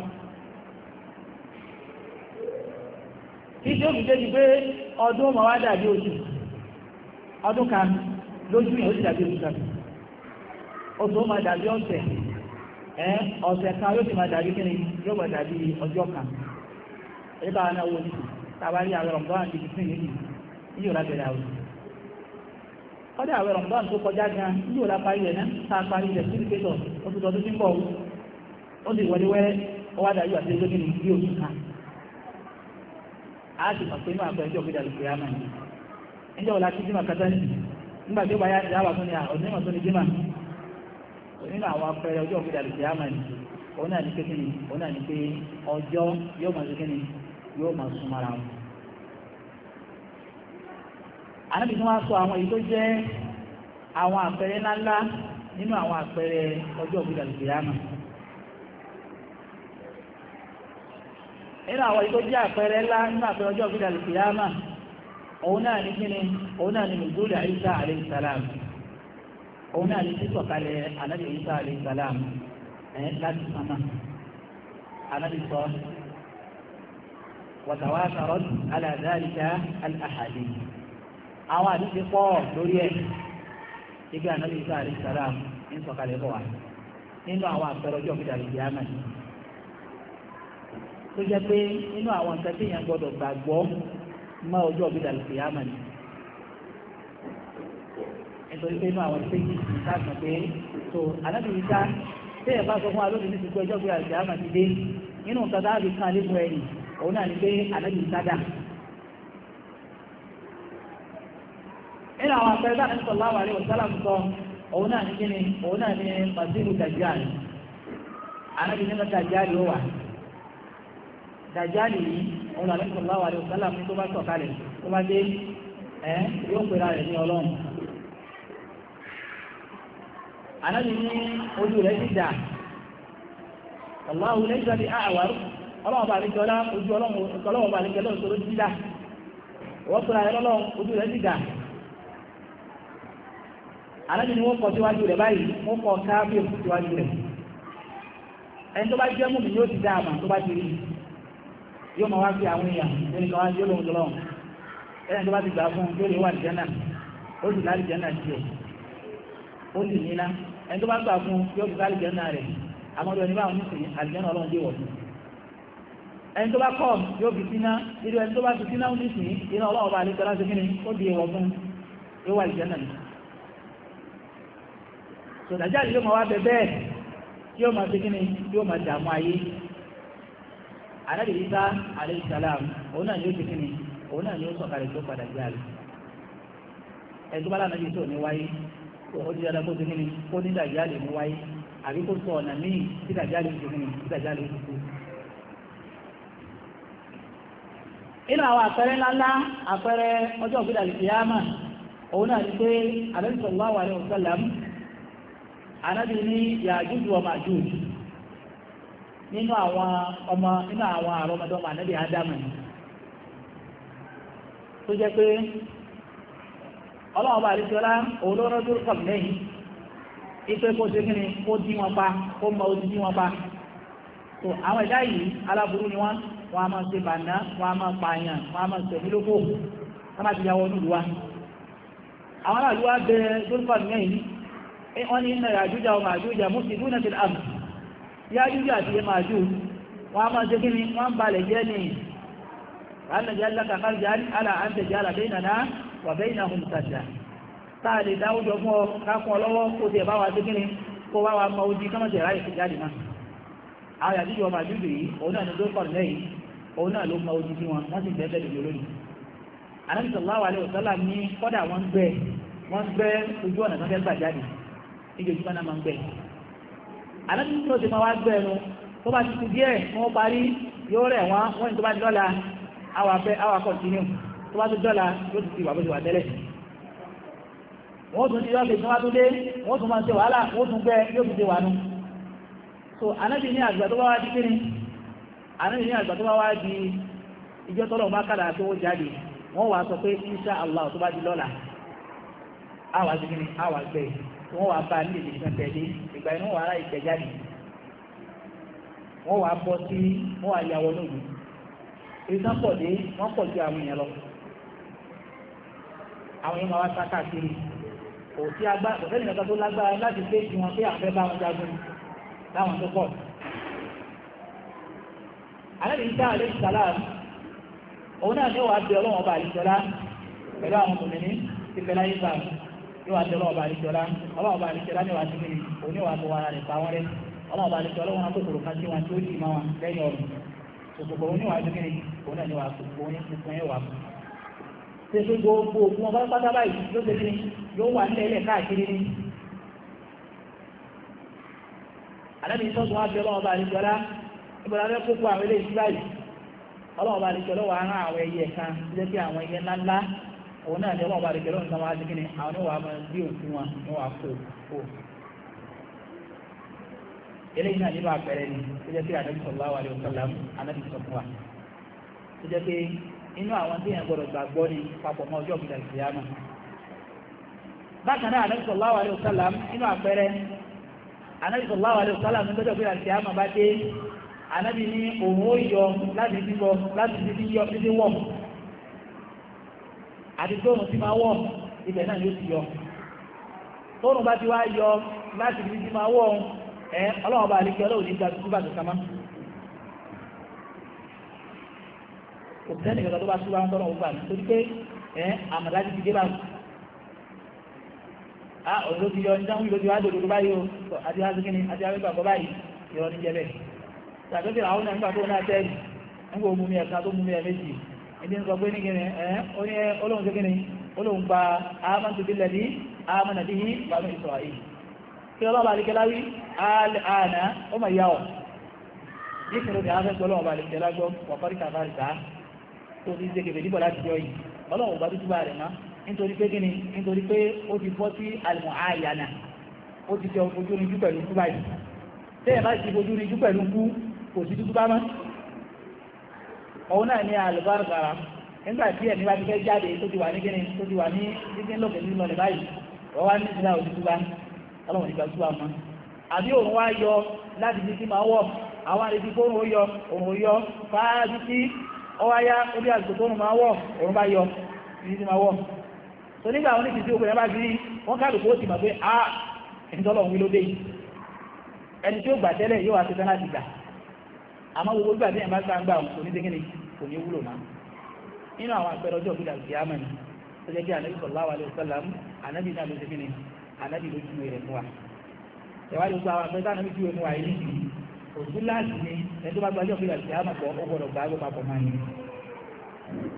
tí tí ó fi débi pé ọdún ma wá dàbí oṣù ọdún kan lójú yìí ó ti dàbí oṣù kan oṣù ó ma dàbí ọ̀sẹ̀ ẹ́ ọ̀sẹ̀ kan yóò ti ma dàbí kíni yóò ma dàbí ọjọ́ kan ẹ̀yẹ́ bá wọn náà wọlé tàbá ní àwọn ọ̀gbọ́n àti ìfín nìyí yóò lábẹ̀rẹ̀ àwẹ̀ kọ́dà àwẹ̀ rọ̀mùbọ́n tó kọjá gan yóò lá parí rẹ̀ náà tá a parí rẹ̀ sínú kétọ̀ ó ti ń bọ̀ ó sì wọlé wẹ́rẹ́ ó wá àti ẹgbẹ́ nínú yóò tún a sì mọ̀ pé inú àpẹẹrẹ ìjọba ìdàlù pé a ẹjọ́ ọ̀la a yóò máa anábì tí wọ́n sọ àwọn èyí tó jẹ́ àwọn àpẹẹrẹ ńláńlá nínú àwọn àpẹẹrẹ ọjọ́ ògbìdà lùgbìyàmà nínú àwọn èyí tó jẹ́ àpẹẹrẹ ńlá nínú àpẹẹrẹ ọjọ́ ògbìdà lùgbìyàmà òun náà ní kíni òun náà ní nùdúlẹ̀ àyíká alayhi salam òun náà ní sísọ̀kalẹ̀ anábì àyíká alayhi salam ẹ̀ láti sánmà anábì sọ wàtàwà sàrọ́ọ̀tì alàdáríkà al àwọn àdìsí pọ̀ lórí ẹ̀ ibi ànábì isa àrí sàlám ń sọ̀kalẹ̀ bọ̀ wá nínú àwọn àpẹẹrẹ ọjọ́ òkúta lè di àmà yìí tó jẹ́ pé nínú àwọn nǹkan tí èèyàn gbọ́dọ̀ gbàgbọ́ mọ́ ọjọ́ òkúta lè di àmà yìí nítorí pé inú àwọn ìṣèjì ìta sàn pé tó ànábì isa tí ẹ̀ bá sọ fún alóòdì nítorí pé ọjọ́ òkúta lè di àmà ti dé nínú nǹkan tá a fi kan lé fún ẹ̀yìn òun náà ni pé ànábì isa dà ina àwọn àpẹẹrẹ tá àti ní òsálàmù sọ òun náà ní kíni òun náà ní masiru dajali anábì nínú dajali ó wà dajali yìí òun náà ní sọ̀lá ní òsálàmù tó bá sọ̀kalẹ̀ tó bá dé yóò ní ọlọ́run dà alábi ni wọ́n kọ síwájú rẹ̀ báyìí wọ́n kọ káàbí òkú síwájú rẹ̀ ẹni tó bá jẹ́ mú mi yóò ti dá àmà tó bá ti rí yóò máa wá sí àwọn èèyàn lórí kan wá sí olóhùn tó lọ́wọ́ ẹni tó bá ti gbà fún un lórí wà ní jẹ́nà ó sì láti jẹ́nà tiẹ̀ ó sì níná ẹni tó bá gbà fún un yóò ti láti jẹ́nà rẹ̀ àmọ́dọ̀ ní báwọn nísìnyí àlìjẹ́nà ọlọ́run dé wọ̀ fún ẹni tó bá kọ́ yóò fi síná irú tó bá fi síná nísìnyí iná ọlọ́run bá àlejò láti kí ni ó di ìwọ̀ fún yóò wà ìjẹ́nà nìkan tòdájáde yóò máa wá bẹ bẹ́ẹ̀ yóò máa ṣe kíni yóò máa dààmú ayé alábìyí sá alayhi salam òun náà yóò ṣe kíni òun náà yóò sọ̀kalẹ̀ tó padà jáde ẹ̀dúgbà lánàá yìí tó ní wáyé ó ti dáadáa kó ṣe kíni ó ní dàjáde ní wáyé àbí kó sọ ọ̀nà míì tí dàjáde ṣe kíni tí dàjáde ṣe kú. inú àwọn àpẹẹrẹ ńláńlá àpẹẹrẹ ọjọ́ ògbédàlì kìyàmà anábì ní yàjújù ọmọ àjújù nínú àwọn ọmọ nínú àwọn àrọmọdọ́mọ anábì ádámù ni tó jẹ́ pé ọlọ́ọ̀bà àríṣọ́lá olóòrán tó kọ̀ lẹ́yìn ipe kó ṣe kí ni kó dí wọn pa kó mọ ojú dí wọn pa tó àwọn ẹ̀dá yìí aláburú ni wọ́n wọ́n a máa ṣe bàná wọ́n a máa pààyàn wọ́n a máa ṣe nílòpò wọ́n máa ti yàwọ́ nílùú wa àwọn aláàlú wa bẹ tó kọ̀ lẹ́yìn Eh, wọ́n ní iná yàjújà ọmọ àjújà mùsùlùmí náà ti àmì yàjújà àti ẹmà àjú wọ́n a máa jẹ́ kíni wọ́n ń balẹ̀ jẹ́ ní alàjẹ́ aláka kárìjà alà àǹtẹ̀jẹ́ alà bẹ́ẹ̀ nàná wà bẹ́ẹ̀ nà hùn tàjà táà lè dáwùjọ fún ọ kákùn ọlọ́wọ́ kó tiẹ̀ bá wa jẹ́ kíni kó bá wa mọ ojú kọ́mọ̀ tẹ̀ ráyè sí jáde náà àwọn yàjújà ọmọ àjújà yìí òun náà ló dó kọ̀ lẹ́yìn òun náà ló mọ níjojúmọ́ náà máa ń gbẹ̀. àlọ́bí tó ti máa wá gbẹ̀rún tó bá ti ti díẹ̀ wọ́n parí yóò rẹ̀ wọ́n wọ́n ní tó bá ti dọ́là àwa fẹ́ àwa kọ̀tínú tó bá ti dọ́là yóò ti ti wà bó ti wà tẹ́lẹ̀. wọ́n tún ti lọ́ọ̀kì tí wọ́n tún dé wọ́n tún máa ṣe wàhálà wọ́n tún gbẹ yóò ti ṣe wà nù. so àlọ́bí ní àgbà tó bá wá di kíni àlọ́bí ní àgbà tó bá wá di ìjọ tọ́lọ̀ bá kàdà tó wọ́n jáde wọ́n wàá sọ pé insha Allah tó bá di lọ́la àwa ti kíni àwa gbẹ̀yìn wọ́n wàá bá ní èdè kan tẹ̀lé ìgbà inú wàhálà ìtẹ̀jáde wọ́n wàá bọ́ sí wọ́n wàá yàwọ́ lóògùn ìsàn pọ̀ dé wọ́n pọ̀ ju àwọn èèyàn lọ àwọn èèyàn máa wá sá káàkiri kò sí agbá kò sẹ́ni kankan tó lágbára láti gbé ju wọn pé àwọn fẹ́ bá wọn jagun láwọn tó pọ̀ alẹ́ ìta alẹ́ ìsàlá òun náà ní wàá bí ọlọ́wọ́n bá àlìsọ́lá pẹ̀lú àwọn mòmìnir ti fẹ́ láyé báyìí yóò wá a ọlọ́ọ̀bà àríkíọ́lá ọlọ́ọ̀bà àríkíọ́lá ní wàá sí kiri òun wàá tó wàrà rẹ̀ pa rẹ̀ ọlọ́ọ̀bà àríkíọ́lá wọn kòkòrò ọba sí wọn tí dì máa wọn lẹ́yìn ọ̀rùn òun náà ni ọlọ́ọ̀bá rẹ̀ gẹ̀rọ ìtawà ti gíní àwọn oníwà máa ń bí òkú wọn ní wà kó kó eléyìí náà nípa àpẹẹrẹ ni tó jẹ́ pé ànábì sallallahu alaihi wasallam ànábì sọ fún wa tó jẹ́ pé inú àwọn tí yẹn gbọdọ̀ gbàgbọ́ ni papọ̀ mọ́ ọjọ́ òkúta ìsìyámà bákan náà ànábì sallallahu alaihi wasallam inú àpẹẹrẹ ànábì sallallahu alaihi wasallam ní tọ́jọ́ òkúta ìsìyámà bá dé ànábì ní òun ó yọ láti bíbọ láti bíbí àti tóòrùn ti máa wọ̀ ibẹ̀ náà yóò ti yọ tóòrùn bá ti wá yọ láti ibi tí máa wọ̀ ẹ ọlọ́run bá àlejò ọlọ́run ní gbàgbé bá tó sámá kò tó bá túbọ̀ àwọn tọ́lọ́run gbà nítorí pé ẹ ti dé bá a òun ló ti yọ ní sáwọn ìlú ti wá dòdò báyìí o àti wá sí kíni àti wá gbàgbọ́ báyìí ìrọ̀ níjẹ bẹ́ẹ̀ tàbí tí àwọn náà ń ìdí ń sọ pé nígbìnrin ẹ̀ ó ní olóhùn tó kíni olóhùn gba amantu billadi amana bihi banu isra'il kí ọlọ́ọ̀bà àlìkẹ́láwí àná ó mà yá ọ̀ nítorí òkè afẹ́sọ ọlọ́ọ̀bà àlìkẹ́lá gbọ́ wàkọ́ríkà fàrìsà tó ti ṣe kèfèé níbọ̀ láti jọ yìí ọlọ́run bá tútù bá rẹ̀ mọ́ nítorí pé kíni nítorí pé ó ti bọ́ sí àlùmọ̀ àyànà ó ti jọ fojú rinjú pẹ̀lú kú báyìí òun náà ní alùbárbàrà nígbà tí ẹ̀mí bá ti fẹ́ jáde tó ti wà ní kíni tó ti wà ní dídín lókè nínú ọ̀lẹ̀ báyìí wọ́n wá ní ìlà òtútúbá ọlọ́run ìgbà túbà mọ́ àbí òun wá yọ láti fi sí máa wọ̀ àwọn àrètí fóònù ó yọ òun ó yọ fáájú sí ọwá yá orí àgbò tóòrùn máa wọ̀ òun bá yọ ìdí sí máa wọ̀ tó nígbà wọn ní ti sí òkú yẹn bá gírí wọn kálùkù ó ti mọ̀ pé a ah, ẹni tí ó àmọ́ gbogbo gbà tí ẹ̀ máa sáńgbà kò ní dégínì kò ní wúlò máa nínú àwọn àpẹẹrẹ ọjọ́ òbí dàbí àmà ni tó jẹ́ kí ànábì sallallahu alaihi wasallam ànábì náà ló dégínì ànábì ló ju rẹ̀ fún wa ìwádìí gbogbo àwọn àpẹẹrẹ ànábì ju fún wa yìí òjú láti ni ẹni tó bá gbàjọ́ òbí dàbí àmà pọ̀ ó gbọ́dọ̀ gbà ágbó papọ̀ máa ni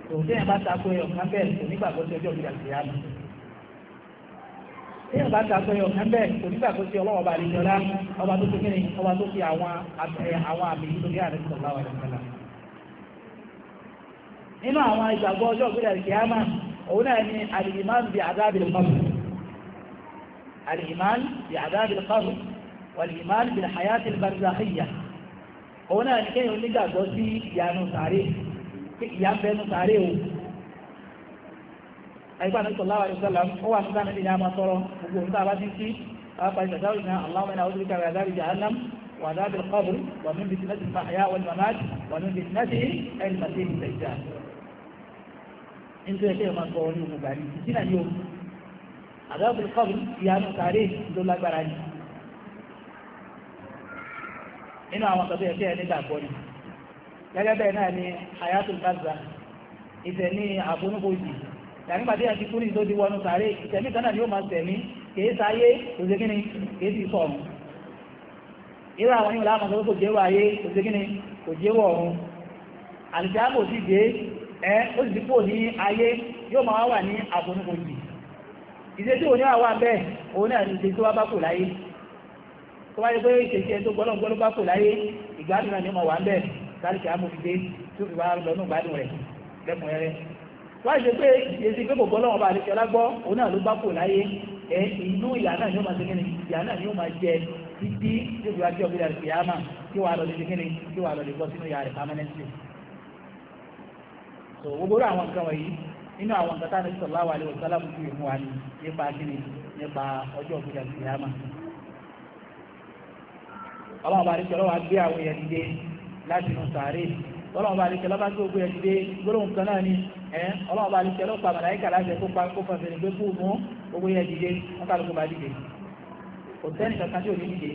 tòun tẹ́yìn bá ta kó ẹyọ téèyàn bá ta sọyọ kan bẹ́ẹ̀ kò nígbà tó ti ọlọ́wọ́ bá àlejò ọlá ọba tó ti kíni ọba tó ti àwọn àwọn àmì nítorí àrẹ sọ̀rọ̀ láwọn ẹ̀sẹ̀lá. nínú àwọn ìgbàgbọ́ ọjọ́ ìgbéra ìkíyàmà òun náà ni alìyìmán bí àdábìlì kọ́bù alìyìmán bí àdábìlì kọ́bù wàlìyìmán bí àyàtì barzakhiya òun náà ni kéèyàn onígbàgbọ́ sí ìyanu sàárè àyíká náà sọ̀lá wa ìṣọ̀lá ó wà síta níbi ní a máa tọrọ gbogbo nǹkan àbá ti sí àpá ìṣàtàwì náà aláwọ̀ mẹ́ta ọdún kàwé àdáàrí jahannam wà dáàbí kọ́bùrù wà ní bìtì náà ti máa yá wọn mamat wà ní bìtì náà ti ẹni màtí ní ìtẹ̀jà. nítorí ẹ̀kẹ́ máa tọrọ ní ogun gàrí ìtì náà ni o àdáàbí kọ́bùrù ìyanu sàárè ló lágbára ni. inú àwọn kan tó yẹ kí ẹni gbàgbọ́ ni gẹ́gẹ́ bẹ́ẹ̀ náà ni hayatul barza ìtẹ̀ ní àfonúkojì yàní pàdé àti kúrì tó di wọnú sàárè ìtẹ̀mí kan náà ni ó máa tẹ̀mí kìí sáyé òṣèkíní kìí sì sọ̀rùn irú àwọn yìí láàmà sọ́kò jẹ́wọ́ ayé òṣèkíní kò jẹ́wọ́ ọ̀run àlìjáàbò sì dé ẹ́ ó sì kúrò ní ayé yóò máa wà ní àfonúkojì ìṣe tí òní àwọn abẹ́ òun náà ní ìṣe tí wọ́n bá kò láyé tó wáyé pé ìṣe tó gbọ́lọ́gbọ́lọ́ bá kò láyé ìgbádùn ni ó máa wà ń bẹ̀ láti ṣe àmófìdé tó fi wá wá ṣe pé ìṣesí pé kò gbọ́ lọ́wọ́ bá àlejò ọlágbọ́ òun náà ló bá kò láyé ẹ inú ìyá náà ni ó máa ṣe kíni ìyá náà ni ó máa jẹ títí tí ó fi wá jẹ́ òbí rẹ̀ kìyàmà kí wàá lọ lè ṣe kíni kí wàá lọ lè bọ́ sínú ìyá rẹ̀ so gbogbo àwọn nǹkan wọ̀nyí nínú àwọn nǹkan táwọn lè ìmú wa ni nípa kíni nípa ọjọ́ òbí rẹ̀ kìyàmà. ọlọ́run bá alẹ́kẹ́ lọ́ba gbogbo ẹ̀ dìde gbólóhùn kan náà ni ẹ̀ ọlọ́run bá alẹ́kẹ́ lọ́pa màláìkà láti kó pa kó fa fèrè gbé fún un gbogbo ẹ̀ dìde wọ́n ká lóko bá dìde kò sẹ́ni kankan tí ò ní dìde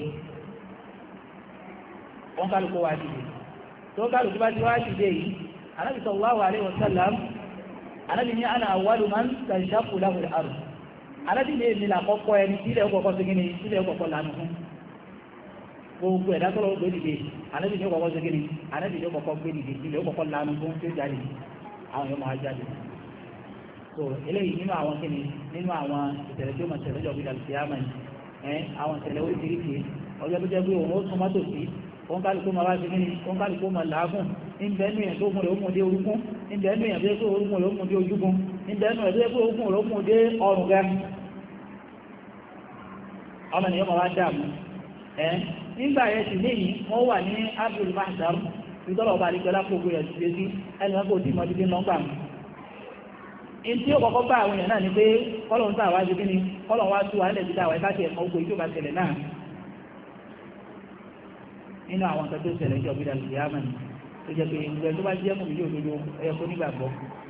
wọ́n ká lóko wá dìde tó ká lóko bá ti wá dìde yìí anábì sallallahu alaihi wasallam anábì ní àná awwalu man tanshaqu lahu al anábì ní èmi làkọ́kọ́ ẹni sílẹ̀ ó gbogbo ẹ̀dá tọ́lọ́ gbé dìde ànábì ní ọkọ̀ ṣe kéde ànábì ní ọkọ̀ gbé dìde ilẹ̀ ọkọ̀ lanu tó ń tó jáde àwọn yóò máa jáde so eléyìí nínú àwọn kíni nínú àwọn ìṣẹ̀lẹ̀ tí ó máa ṣẹlẹ̀ jọ̀gbìn àti àmà yìí ẹ̀ àwọn ìṣẹ̀lẹ̀ oríṣiríṣi ọjọ́ tó jẹ́ pé òun ó tún mọ́tò sí òun káàdì kó máa wá sí kíni òun káàdì kó máa nígbà yẹn sì ní yìí wọ́n wà ní abdul mahzam ìtọ́lọ̀ ọba àdìgbẹ́lá gbogbo yẹn ṣùgbẹ́ sí ẹni wọn kò tí mọ́ dídí nọ́mbà mi. ìtí ó kọ́kọ́ bá àwọn èèyàn náà ni pé kọ́lọ̀ ń tàwa ju kíni kọ́lọ̀ wá tú wa nílẹ̀ ti dáwà ìbáṣẹ ẹ̀kọ́ gbogbo ìjọba ṣẹlẹ̀ náà nínú àwọn nǹkan tó ṣẹlẹ̀ ìjọba ìdàlù ìyáàmà ni tó jẹ́ pé ìgbẹ́ tó bá jẹ́ mọ̀ yóò dodo ẹ̀kọ́ nígbàgbọ́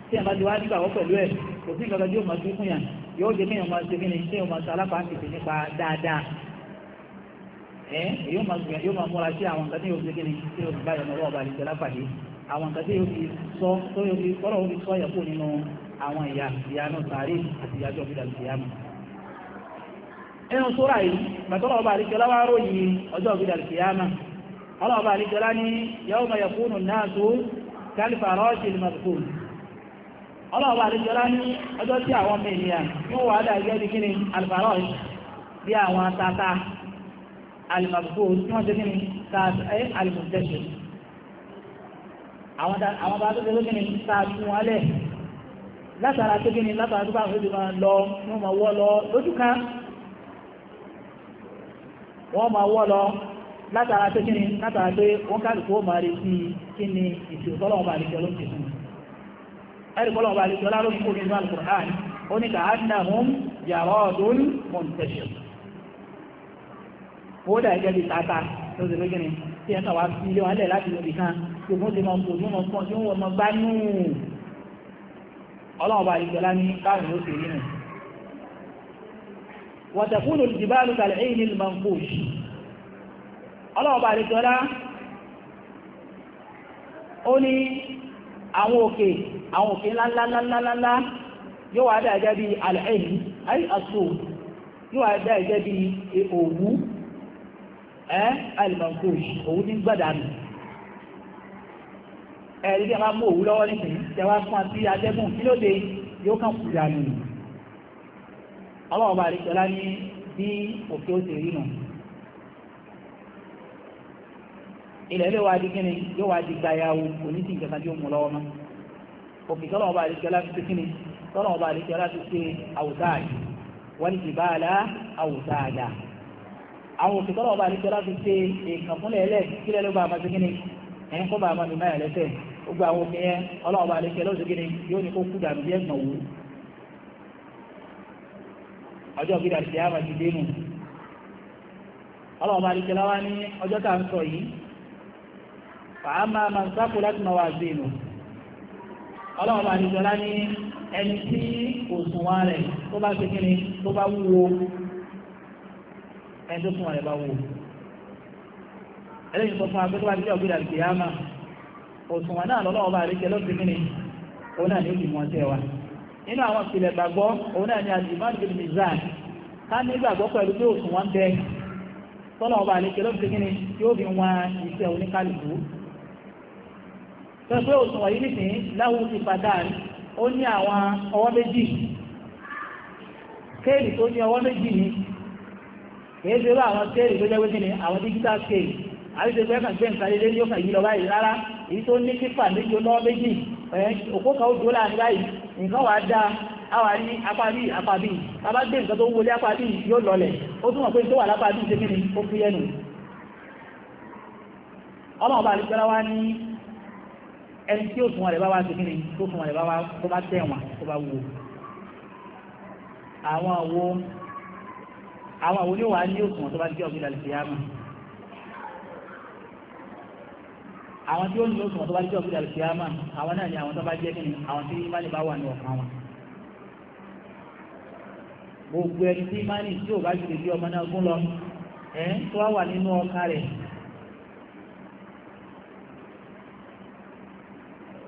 tí ẹ̀ bá ti wá nígbàgbọ́ pẹ̀lú ẹ̀ kò sí nǹkan kan yóò máa tún fún yàn yóò jẹ́ kéèyàn máa ṣe kíni kéèyàn máa ṣe alápá ń tètè nípa dáadáa èyí yóò máa múra sí àwọn nǹkan tí yóò fi kíni tí yóò báyọ̀ náà ọba àlejò lápàdé àwọn nǹkan tí yóò fi sọ tó yóò fi kọ́rọ̀ òun sọ yẹ̀kú nínú àwọn ìyá ìyá náà àti ìyájọ́ fi dàbí ìyá mi. inú sóra yìí ọba àlejò láwá ròyìn ọjọ́ fi dàbí ìyá ní ní ọjọ́ alimabdul tí wọ́n ṣe kí ni sáàtì ẹ́ alimọ̀tẹ́ṣẹ̀ àwọn bá tó ṣe kí ni sáàtì wọn lẹ̀ látara tó kí ni látara tó bá wọn ṣe máa lọ wọ́n máa wọ́ lọ lójú kan wọ́n máa wọ́ lọ látara tó kí ni látara pé wọ́n kálukú ó máa retí kí ni ìṣòro tọ́lọ́wọ́n bá rí jọ lóṣèlú ẹ̀rì kọ́lọ́wọ́n bá rí jọ láró ní kó nínú alukur'an ó ní kàánà hum yàrá ọdún mọ̀ntẹ́ṣẹ̀ ó dà gẹ́gẹ́ bí tata tó ṣe lókè ni tí ẹ̀ka wá sí ilé wọn lẹ̀ láti lóbi kan tí òun ti máa ń pòjú wọn pọ̀ tí wọ́n mọ gbá nù ọlọ́run bá ìjọlá ní káàrin ó sì rí nù. wọ̀tẹ̀kùn olùdìbàlù kàlẹ́ èyí ní lùmọ̀ǹkù ọlọ́run bá ìjọlá ó ní àwọn òkè àwọn òkè ńláńláńláńláńlá yóò wá dà gẹ́gẹ́ bí àlẹ́ èyí àìsàtò yóò wá dà gẹ́gẹ́ bí òwú ẹ́ alimankosh òun ní gbàdánù ẹ̀rí bí a bá mú òwú lọ́wọ́ nìkan tẹwa fún àti atẹ́gùn kí ló dé yóò kàn kú dànù ọlọ́ọ̀bà àríkọlá ní bí òkè ó ti rí nù ilẹ̀ ilé wa di kíni yóò wá di gbayawo òní tí nǹkan tí ó mú lọ́wọ́ mọ́ òkè kíni ṣe wọ́n ti bá a lá àwọn òfin tọ́lọ̀ ọba àlejò láti ṣe èèkàn fúnlẹ̀ ẹlẹ́ kílẹ̀ ló bá a máa ṣe kíni ẹ̀yìn kó bá a máa mímá ẹ̀lẹ́sẹ̀ gbogbo àwọn òfin yẹn ọba àlejò lọ́sọ̀ kíni yóò ní kó kú dànù bí ẹ̀gbọ̀n wò ọjọ́ bí dàtí àmà ti dénú ọlọ́run ọba àlejò láwa ní ọjọ́ tá ń sọ yìí fàá máa máa ń sáko láti máa wà ní ẹni tí rẹ̀ tó bá ṣe kíni tó bá wúwo ẹni tó súnmọ́ rẹ̀ bá wò ẹlẹ́yìn sọ fún agbẹ́tọ́ bá ti jẹ́ ògbé àti kìyàmà òṣùwọ̀n náà lọ́lọ́wọ́ bá rí jẹ́ lọ́sí mí ni òun náà ni ó ti mọ́ tẹ́ wa nínú àwọn ìpìlẹ̀ gbàgbọ́ òun náà ni àti ìmáàdì bíi mizan ká ní gbàgbọ́ pẹ̀lú pé òṣùwọ̀n ń bẹ tọ́lọ́wọ́ bá rí jẹ́ lọ́sí mí ni yóò fi wọn iṣẹ́ oníkálùkù pẹ̀lú òṣùwọ̀n yìí nìsín láwùú ti padàn ó ní àwọn ọwọ́ méjì kéèlì tó ní ọwọ́ méjì ni kìí ṣe rú àwọn scale tó jẹ́ pé kí ni àwọn digital scale àríṣẹ́gbẹ́ ẹ̀kàn gbé nǹkan lé ní ó kàn yí lọ báyìí rárá èyí tó ní pípà méjì ó lọ́wọ́ méjì òkú kan ó dúró láàrin báyìí nǹkan wàá dá àwà ní apá bí apá bí bàbá gbé nǹkan tó ń wọlé apá bí yóò lọlẹ̀ ó túnmọ̀ pé tó wà lápá bí ṣe kí ni ó fi ẹnu ọmọ ọba àlùfẹ́ra wá ní ẹni tí ó fún ọ̀rẹ́ bá wá ṣe kí ni tó fún ọ̀rẹ́ bá wá tó bá tẹ̀wọ̀n tó bá wù àwọn wo àwọn àwọn oníwà ní òsùn tó bá jẹ́ ọ̀gbìn àlùfẹ́ yá mọ̀ àwọn tí ó ní òsùn tó bá jẹ́ ọ̀gbìn àlùfẹ́ yá mọ̀ àwọn náà ni àwọn tó bá jẹ́ kíni àwọn tí ìmánì bá wà ní ọ̀kan wọn gbogbo ẹni tí ìmánì tí ò bá jù lè bí ọmọ náà gún lọ ẹ tó wà nínú ọkà rẹ̀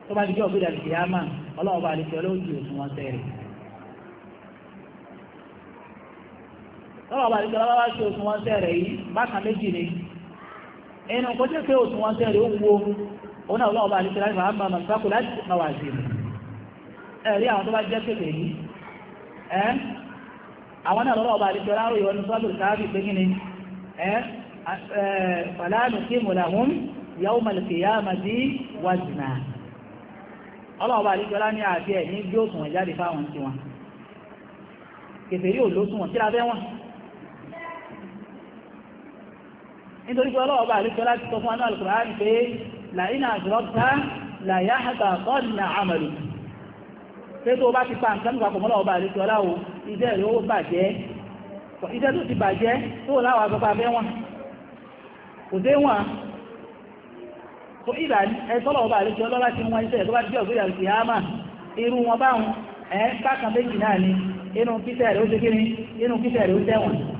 tó bá jẹ́ ọ̀gbìn àlùfẹ́ ọlọ́run bá àlùfẹ́ ọlọ́run jù òsùn wọn sẹ́rẹ̀ lọ́wọ́ bá nígbà bá ṣe òsùn wọn tẹ́rẹ̀ yìí bákan méjì ni ẹnu kò tí pé òsùn wọn tẹ́rẹ̀ ó wo òun náà lọ́wọ́ bá nígbà láti máa máa sákò láti máa wà sí ẹ̀rí àwọn tó bá jẹ́ pèpè yìí ẹ́ àwọn náà lọ́wọ́ bá nígbà láàrú ìwọ ní sọ́dọ̀ sáábì pé kí ni ẹ́ fàlánù kí mùlàhún nítorí pé ọlọ́wọ́ bá àríkọ́ láti sọ fún Al-Qur'an pé làínà àjọ́ta làyá àtàkọ́ nà àmàlù pé tó bá ti pa nǹkan nípa pọ̀ mọ́lọ́wọ́ bá àríkọ́ láwo iṣẹ́ rẹ̀ ó bàjẹ́ iṣẹ́ tó ti bàjẹ́ tó láwọ́ àgbàpá fẹ́ wọn kò dé wọn tó ìlà ẹ̀sọ́lọ́wọ́ bá àríkọ́ lọ́lá ti wọn iṣẹ́ tó bá ti jẹ́ ògbé inú kíṣẹ́ rẹ̀ ó ṣe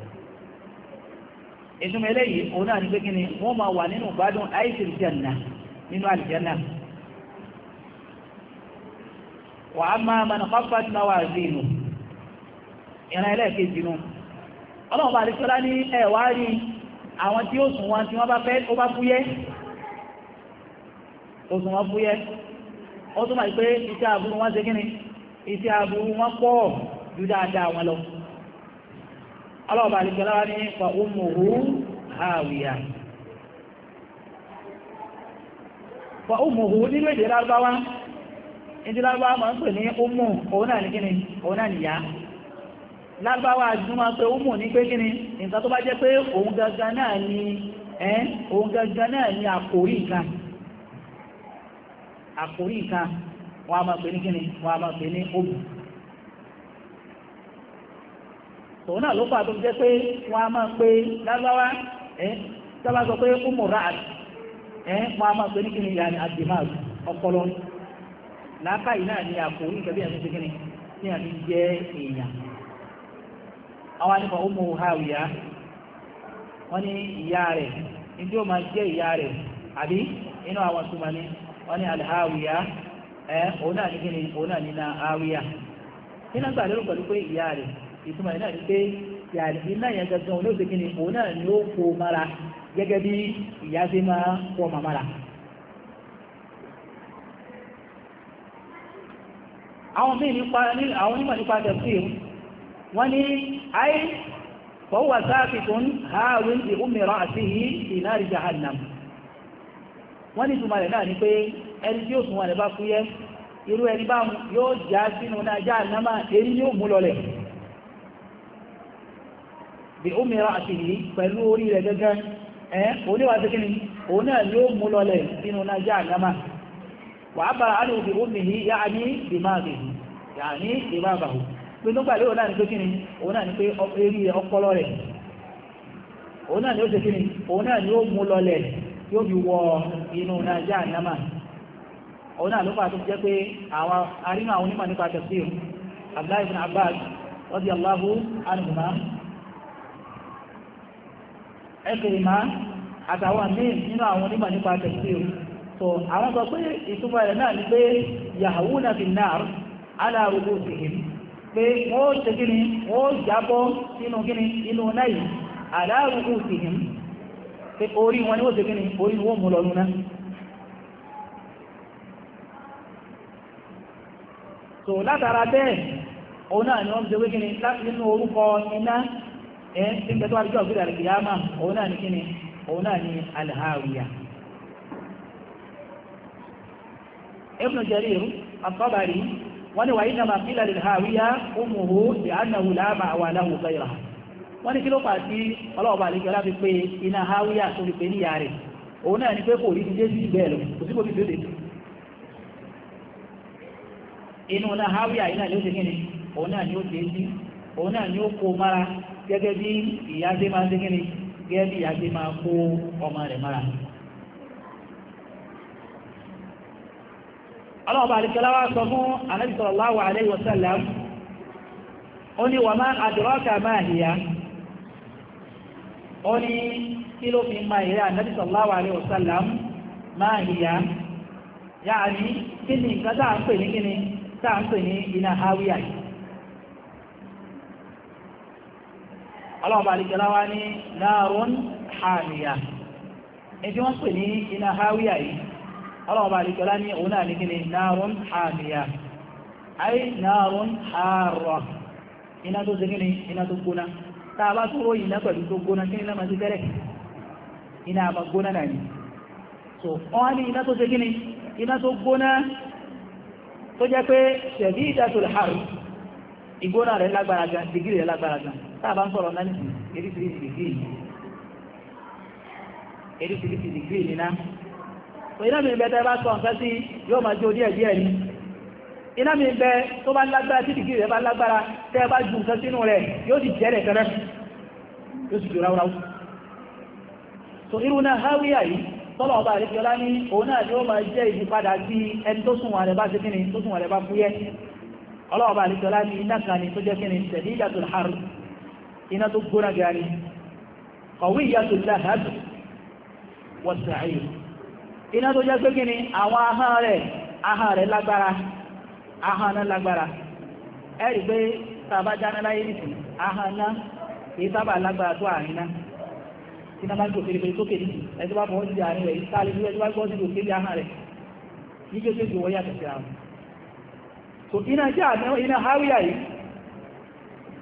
ìtumọ̀ eléyìí òun náà ní pé kí ni wọ́n máa wà nínú ìgbádùn àìsìrì jẹ́nà nínú àlìjẹ́nà wà á máa mọ̀ nǹkan fásitì náà wà sí inú ìran ẹlẹ́ẹ̀kejì nù ọlọ́run bá àdìsọ́lá ní ẹ̀wá rí àwọn tí ó sùn wọn tí wọ́n bá fẹ́ ó bá fúyẹ́ ó sùn wọn fúyẹ́ ó tún pé iṣẹ́ aburú wọn ṣe kí ni iṣẹ́ aburú wọn pọ̀ ju dáadáa wọn lọ ọlọ́ọ̀bà àlìkẹ́láwà ní fa ummuhu hawiya fa ummuhu nínú èdè lárúbáwá ìdí lárúbáwá máa ń pè ní ummu òun náà ní kíni òun náà nìyá lárúbáwá àjúmọ́ pé ummu ní pé kíni nǹkan tó bá jẹ́ pé òun gangan náà ni àkórí nǹkan àkórí nǹkan wọ́n a máa pè ní kíni wọ́n a máa pè ní ummu tòun náà ló fà tó jẹ́ pé wọ́n a máa pé lágbáwá tọ́lá sọ pé umu ra'ad wọ́n a máa pé ní kí àdìmáà ọpọlọ láàkà yìí ni àpò oníkẹ́ bí ẹ̀sìn ní àti jẹ́ èèyàn àwọn nípa umu hawiya wọ́n ní ìyá rẹ̀ ó máa jẹ́ ìyá rẹ̀ àbí inú àwọn tó máa ní wọ́n ní òun náà òun náà ní nínú àgbà lérò pẹ̀lú pé ìyá rẹ̀ ìtumọ̀ náà ni pé iná yẹn gangan òun ló ṣe kíni òun náà ni ó kó mara gẹ́gẹ́ bí ìyá ṣe máa kó ọmọ mara. àwọn míì nípa àwọn onímọ̀ nípa tẹ̀síìmù wọ́n ní ayé fọwọ́ sáàkì tó ń haawin di umira àti yìí ìnáàrí jahannam wọ́n ní ìtumọ̀ rẹ̀ náà ni pé ẹni tí ó sùn wọn rẹ̀ bá fúyẹ́ irú ẹni bá yóò já sínú náà jahannama èyí yóò mú lọlẹ̀ bí ó mìíràn àti yìí pẹ̀lú orí rẹ̀ gẹ́gẹ́ ẹ́ oníwà tí kíni òun náà yóò mú lọlẹ̀ nínú nájá àgámà wà á bára ánìwò bí ó mì ní yá ní ìmáàbì yà ní ìmáàbàhù pé tó gbàlẹ́ òun náà ni pé kíni òun náà ni pé eré ọpọlọ rẹ̀ òun náà ni ó ṣe kíni Abdullahi ibn Abbas radiyallahu anhuma a àtàwọn míì nínú àwọn onímọ̀ nípa tẹ̀síò so àwọn sọ pé ìtumọ̀ rẹ̀ náà ni pé yahoo na fi náà aláàrúgbó sí pé wọ́n ṣe kíni wọ́n jábọ́ sínú kíni inú náà i ni so látara bẹ́ẹ̀ òun náà ni wọ́n wé ẹ́ tí ń tẹ́tọ́ àdúgbò ọ̀gbìn àlùkìyàmà òun náà ní kíni òun náà ní alhàwìyà Ibn Jarir at-Tabari wọ́n ní wàyí nàmà kílà alhàwìyà umuhu di annahu láàmà àwọn aláwò gbẹ̀rà wọ́n ní kí ló fà sí ọlọ́ọ̀bà àlùkìyàmà fi pé iná hàwìyà tó fi pé níyà rẹ̀ òun náà ní pé kò rí ti sí bẹ́ẹ̀ gẹ́gẹ́ bí ìyá ṣe máa ṣe kíni gẹ́gẹ́ bí ìyá ṣe máa kó ọmọ rẹ̀ mọ́ra. ọlọ́ọ̀bà àdìkẹ́láwà sọ fún Ànábì sallallahu ó ma hiya ó ní kí ló fi máa ma yáà ní kí ni nǹkan táà ń pè ní kíni táà ń pè ọlọ́run bá alìkẹ́lá wá ní náàrún hàmìyà ẹjí wọ́n pè ní iná háwíyà yìí ọlọ́run bá alìkẹ́lá ní òun náà ní kí ni náàrún hàmìyà ay náàrún hàrọ̀ iná tó ṣe kí ni iná tó gbóná tá bá tó iná pẹ̀lú tó gbóná kí ni iná máa tẹ́rẹ̀ iná máa gbóná náà ni so wọ́n ní iná tó ṣe kí ni iná tó gbóná tó jẹ́ pé ṣẹ̀dí ìdásọ̀lẹ̀ hàrù ìgbóná táàbá ń sọ̀rọ̀ náà eríṣiríṣi dìgírì eríṣiríṣi dìgírì nínà iná mi bẹ tẹ́ bá sọ nǹkan sí yóò máa jó díẹ̀ díẹ̀ ni iná mi bẹ tó bá lágbára tí dìgírì rẹ bá lágbára tẹ́ bá ju nǹkan sínú rẹ yóò sì jẹ́ rẹ̀ kẹrẹ́ yóò sì jó ráúráú so irú náà háwíyà yìí tọ́lọ̀ ọba àríkíọlá ní òun náà ni ó máa jẹ́ ìyípadà sí ẹni tó sùn àrẹ bá ṣe kíni tó sùn àrẹ bá fúyẹ́ ọlọ́ọ̀ba àríkíọlá ní iná kan ni tó jẹ́ kíni tẹ̀lé ìyàtọ̀ àrùn iná tó gbóná gani kọ̀wé ìyàtò láhàbì wọ́sàáyì iná tó jẹ́ pé kí ni àwọn ahán rẹ̀ ahán rẹ̀ lágbára ahán náà lágbára ẹ̀rì pé tàbá jáná láyé nìsí ahán náà kìí sábà lágbára tó àárín náà iná bá gbòkèrè pé sókè nìsí ẹjọ́ bá fọwọ́ sí àárín rẹ̀ ìsáàlẹ̀ bí ẹjọ́ bá gbọ́ sí òkèrè ahán rẹ̀ níjọ́ tó jù yàtọ̀ sí àwọn so iná jẹ́ àmì iná háríà yìí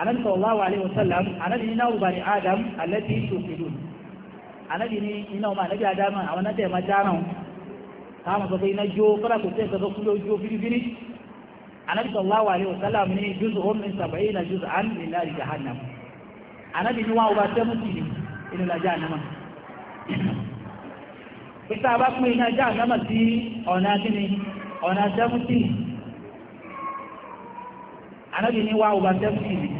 anabi sallallahu alaihi wasallam anabi ni náà bani adam alẹ́tí tòkìlù anabi ni iná ọmọ anabi adam àwọn náà tẹ̀mà dáná káwọn sọ pé iná jó kọ́dà kò tẹ́ sọ́kọ́ kúló jó bíríbírí anabi sallallahu alaihi wasallam ni juz'un omi sàbẹ̀yì na juz'an an lè láàrin jahannam anabi ni wọn ọba tẹ́mù sí ni inú la jahannama ìta bá pín iná jahannama sí ọ̀nà kíni ọ̀nà tẹ́mù sí anabi ni wọn ọba tẹ́mù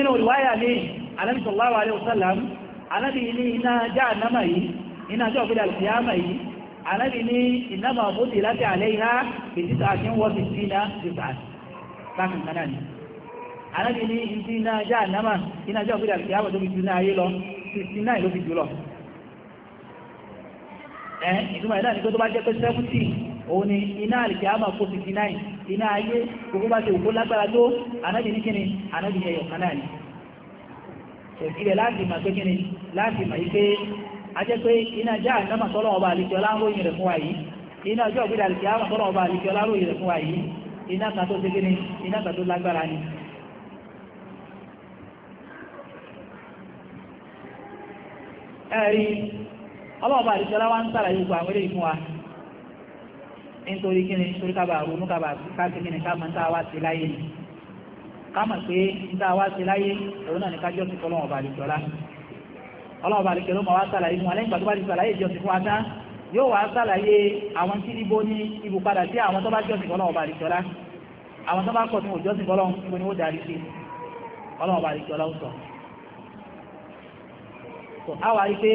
inú ìwáyà ní Ànábì sallallahu alaihi wasallam Ànábì ní iná jahannama yìí iná jọ́ òfin alkiyama yìí Ànábì ní iná ma bóti láti alaiha bí títà àti wọ́n ti sí iná títà bákan kanáà ni Ànábì ní iná jahannama iná jọ́ òfin alkiyama tó fi jù náà ayé lọ 69 ló fi jù lọ ẹ̀ ìtumọ̀ ìdáni tó òun ni iná àlìkẹ́ àmà kó 69 iná ayé gbogbo bá ti òkú lágbára tó anábì ní kíni anábì ní ẹyọ̀kan náà ni ṣèkìlẹ̀ láti mà pé kíni láti mà yí pé a jẹ́ pé iná já àdámà tọ́lọ̀ ọba àlìkẹ́ ọláròyìn rẹ̀ fún wa yìí iná ọjọ́ ògbé àlìkẹ́ àmà tọ́lọ̀ ẹ̀rí ọlọ́ọ̀bà àdìsọ́lá wa ń sàlàyé gbogbo àwọn eléyìí fún wa nítorí kíni nítorí kábà ronú kábà káàkiri kíni káàmà tá a wá sí láyé ni káàmà pé tá a wá sí láyé òun náà ní kájọ́ sí fọlọ́wọ́n ọba àlejòlá ọlọ́wọ́n ọba àlejòlá máa wá sàlàyé fún wa lẹ́yìn pàtó bá ti sàlàyé ìjọsìn fún wa tán yóò wá sàlàyé àwọn tí ibo ní ibù padà sí àwọn tó bá jọ́sìn fọlọ́wọ́n ọba àlejòlá àwọn tó bá kọ̀ tí wọ́n jọ́sìn fọlọ́wọ́n ibo ni ó darí sí ọlọ́wọ́n ọba àlejòlá ó sọ àwa rí pé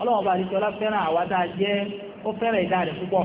ọlọ́wọ́n ọba àlejòlá fẹ́ràn àwa tá a jẹ́ ó fẹ́ràn ìdá rẹ̀ púpọ̀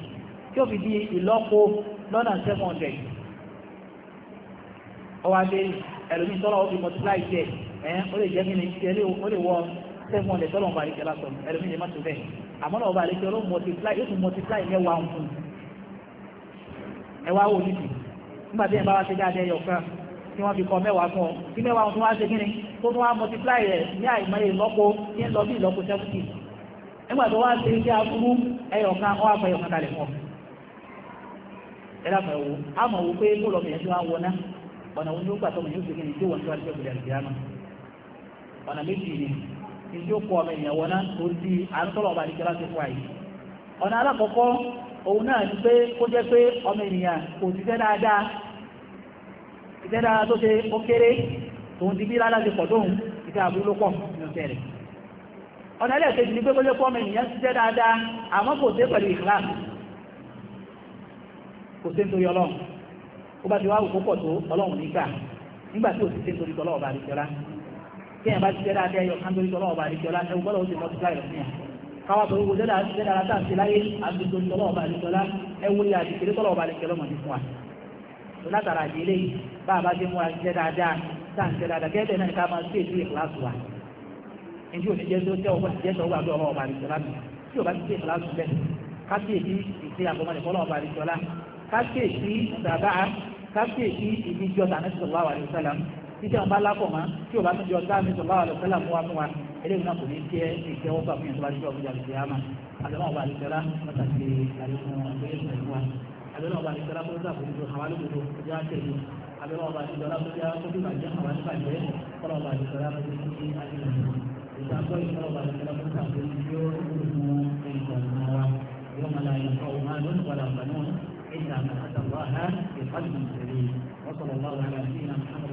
tí ó fi di ìlọ́po lọ́nà seven hundred ọwọ́ adé ẹlòmíì tọ́lá ó fi multiply jẹ ẹ ó lè jẹ́ kíni tí ẹlẹ́ ó lè wọ seven hundred tọ́lá ọba àlejò lásán ẹlòmíì lè má tó bẹ́ẹ̀ àmọ́ náà ọba àlejò ló multiply yóò tún multiply mẹ́wàá ń fún ẹwà wò nídìí nígbà tí ẹ bá wá ṣe dáadé ẹyọ kan tí wọ́n fi kọ mẹ́wàá fún ọ tí mẹ́wàá fún wá ṣe ni tó tún wá multiply rẹ̀ ní àìmọye ìlọ́po tí ń lọ bí ìlọ́po seventy nígbà tó wá ṣe iṣẹ́ aburú ẹyọ kan ó wá fọ ẹyọ kan kalẹ̀ fún ọ ẹ̀rọ àmọ̀ ẹ̀wò àmọ̀ pé kó lọ́mọ yẹn tó wá ọ̀nà òun ló gbà tọmọ yóò kí ni tí wá ṣe ọ̀nà méjì ni ọmọ ènìyàn tó di àtọ́lọ̀ ọba àdìjọ láti fún àyè ọ̀nà alákọ̀ọ́kọ́ òun náà ni pé kó jẹ́ pé ọmọ ènìyàn kò dáadáa dáadáa tó ṣe ó kéré tòun ti bí pọ̀ tóun àbúrú ló pọ̀ ní ọ̀sẹ̀ rẹ̀ ọ̀nà ẹlẹ́ẹ̀kejì ni pé kó kò sí nítorí ọlọ́run ó bá ti wá òkú pọ̀ tó ọlọ́run nígbà tí ò sì sí nítorí tọ́lọ́ ọba kí ẹ̀ bá ti jẹ́ dáadáa ẹyọ kan torí ọba ẹ̀wù ó ti mọ́tí káwá pẹ̀lú gbogbo jẹ́dá jẹ́dá ara táàsì láyé àti torí a bá ti mú a jẹ́ dáadáa kápẹ́sì bàbá kápẹ́sì ibi jọta ní sallallahu alaihi wasallam títí àwọn bá lápọ̀ mọ́ tí o bá tún jọta ní sallallahu alaihi wasallam mú wa mú wa eléyìí náà kò ní jẹ́ ìjẹ́wọ́gbà fún yẹn tó bá jẹ́ ọ̀gbìn àti ìyá máa àdéhùn ọba àdìsẹ́lá pàtàkì àdéhùn àgbéyẹ̀sẹ̀ ìwà àdéhùn ọba àdìsẹ́lá kó dà kójú àwọn alóòdòdó ọjà tẹ̀lé àdéhùn ọba àdìsẹ́lá kó dà kójú bàjẹ́ àwọn àdìbàjẹ́ kọ́lọ̀ ọba àdìsẹ́lá kó dé kójú àdìbàjẹ́ ìgbàgbọ́ ìkọ́lọ̀ ọba àdìsẹ́lá kó dà kójú yóò kó fún ẹnì إلا من أتى الله بقلب سليم وصلى الله على نبينا محمد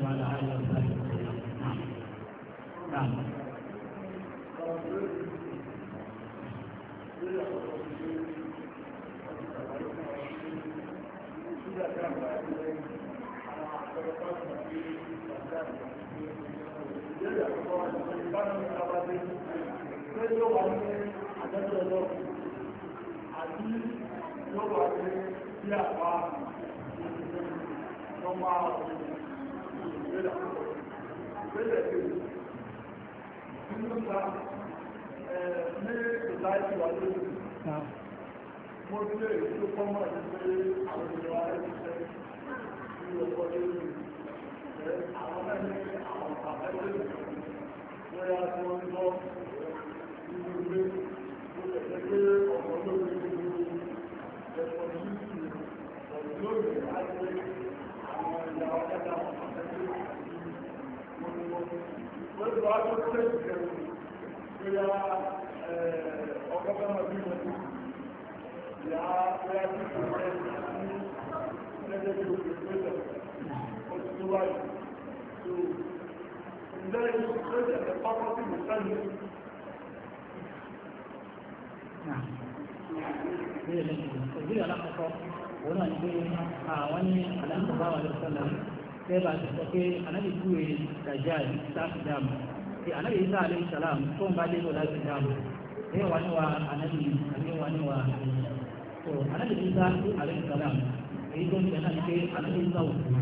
ọmọ ìgbé àwọn ènìyàn rẹ̀ pé anábì kúrè dàjáàlì sáàfì dáàmù pé anábì isa alẹ́ ìsàlám tó ń bá dé lọ láti dáàmù ẹ wà níwà anábì àbí wà níwà tó anábì isa alẹ́ ìsàlám èyí tó ń jẹ náà ni pé anábì isa ò fún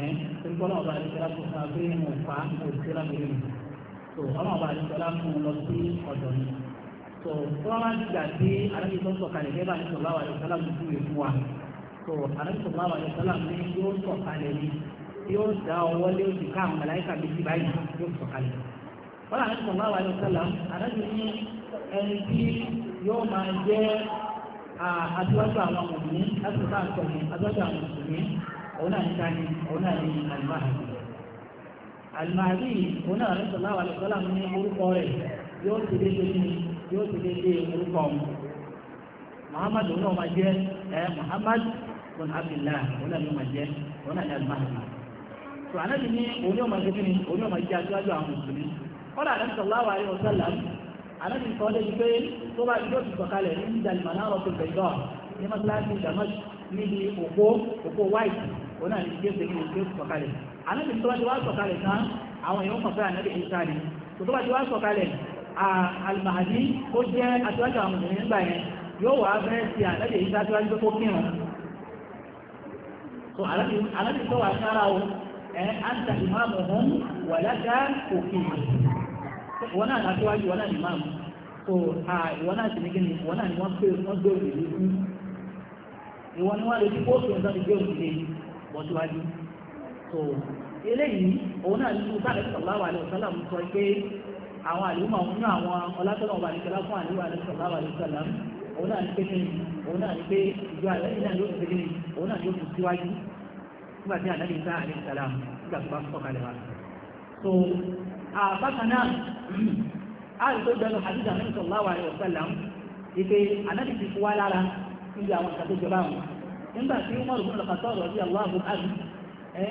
ẹ tó ń gbọ́ náà ọba àti sẹ́lá fún wa pé mo fà á mo sẹ́lá mi rí tó ọmọ ọba àti sẹ́lá fún un lọ sí ọ̀dọ̀ mi tó tó wá ń gbà sí anábì tó ń sọ̀kalẹ̀ bá ní sọ̀lá yóò da ọwọ́ lé oṣù ká àwọn màláíkà méjì báyìí yóò sọ̀kalẹ̀. wọ́n làwọn ẹ̀sìn ọ̀gá wa ló sọ̀lá àdájọ́ ní ẹni tí yóò máa jẹ́ aṣíwájú àwọn mùsùlùmí láti bá àṣọ mi aṣíwájú àwọn mùsùlùmí òun náà ní sani òun náà ní alimahadi. alimahadi òun náà ẹ̀sìn ọ̀gá wa ló sọ̀lá ní orúkọ rẹ̀ yóò ti dé dé yóò ti dé dé orúkọ mu. muhammadu náà máa jẹ́ muhammad bin abdullah òun náà ní tó ànábì ní òní ọmọ ìṣẹ́ kíni òní ọmọ ìṣẹ́ aṣáájú àwọn mùsùlùmí kọ́lá ànábì sallallahu alaihi wasallam ànábì sọ lẹ́yìn pé tó bá yóò ti sọ̀kalẹ̀ ní ìdàlùmọ̀ náà rọ̀ tó bẹ̀yọ̀ ní mọ́sálásí damask níbi òpó òpó white òun náà ní ìgbé ṣe kíni ìgbé sọ̀kalẹ̀ ànábì tó bá ti wá sọ̀kalẹ̀ tán àwọn èèyàn kan fẹ́ ànábì ìṣá ni tó tó bá ti wá sọ̀kalẹ̀ al-Mahdi ó jẹ́ aṣáájú àwọn mùsùlùmí nígbà yẹn yóò wá fẹ́ ti so ànábì tó wà àǹtà ìmáàmù ọ̀hún wà lága òkè wọn náà látọ́wájú wọn náà ní máàmù so ìwọ náà sì ní kí ni ìwọ náà ni wọ́n pé wọ́n gbé òkè lójú ìwọ ni wọ́n lè fi kóòtù ọ̀dọ́ ti gbé òkè bọ́ síwájú so eléyìí òun náà nínú sáà lẹ́sọ̀ láwà lẹ́sọ̀ mú sọ pé àwọn àlùmọ̀ òun náà àwọn ọlátọ́nà ọba àdìsọ́lá fún àlùmọ̀ àdìsọ̀ láwà lẹ́sọ̀ láwà òun òun náà ní pé ìjọ nígbà tí ànábì sáà àlè ìsàlám nígbà tó bá sọ kalẹ̀ wa. so àbákan náà [CLEARS THROAT] a rí tó gbẹnu hadith ànábì sallallahu alaihi wasallam ìpè ànábì ti fún wa lára níbi àwọn ìkàtó jọba wọn nígbà tí Umar ibn al-Khattab radiyallahu anhu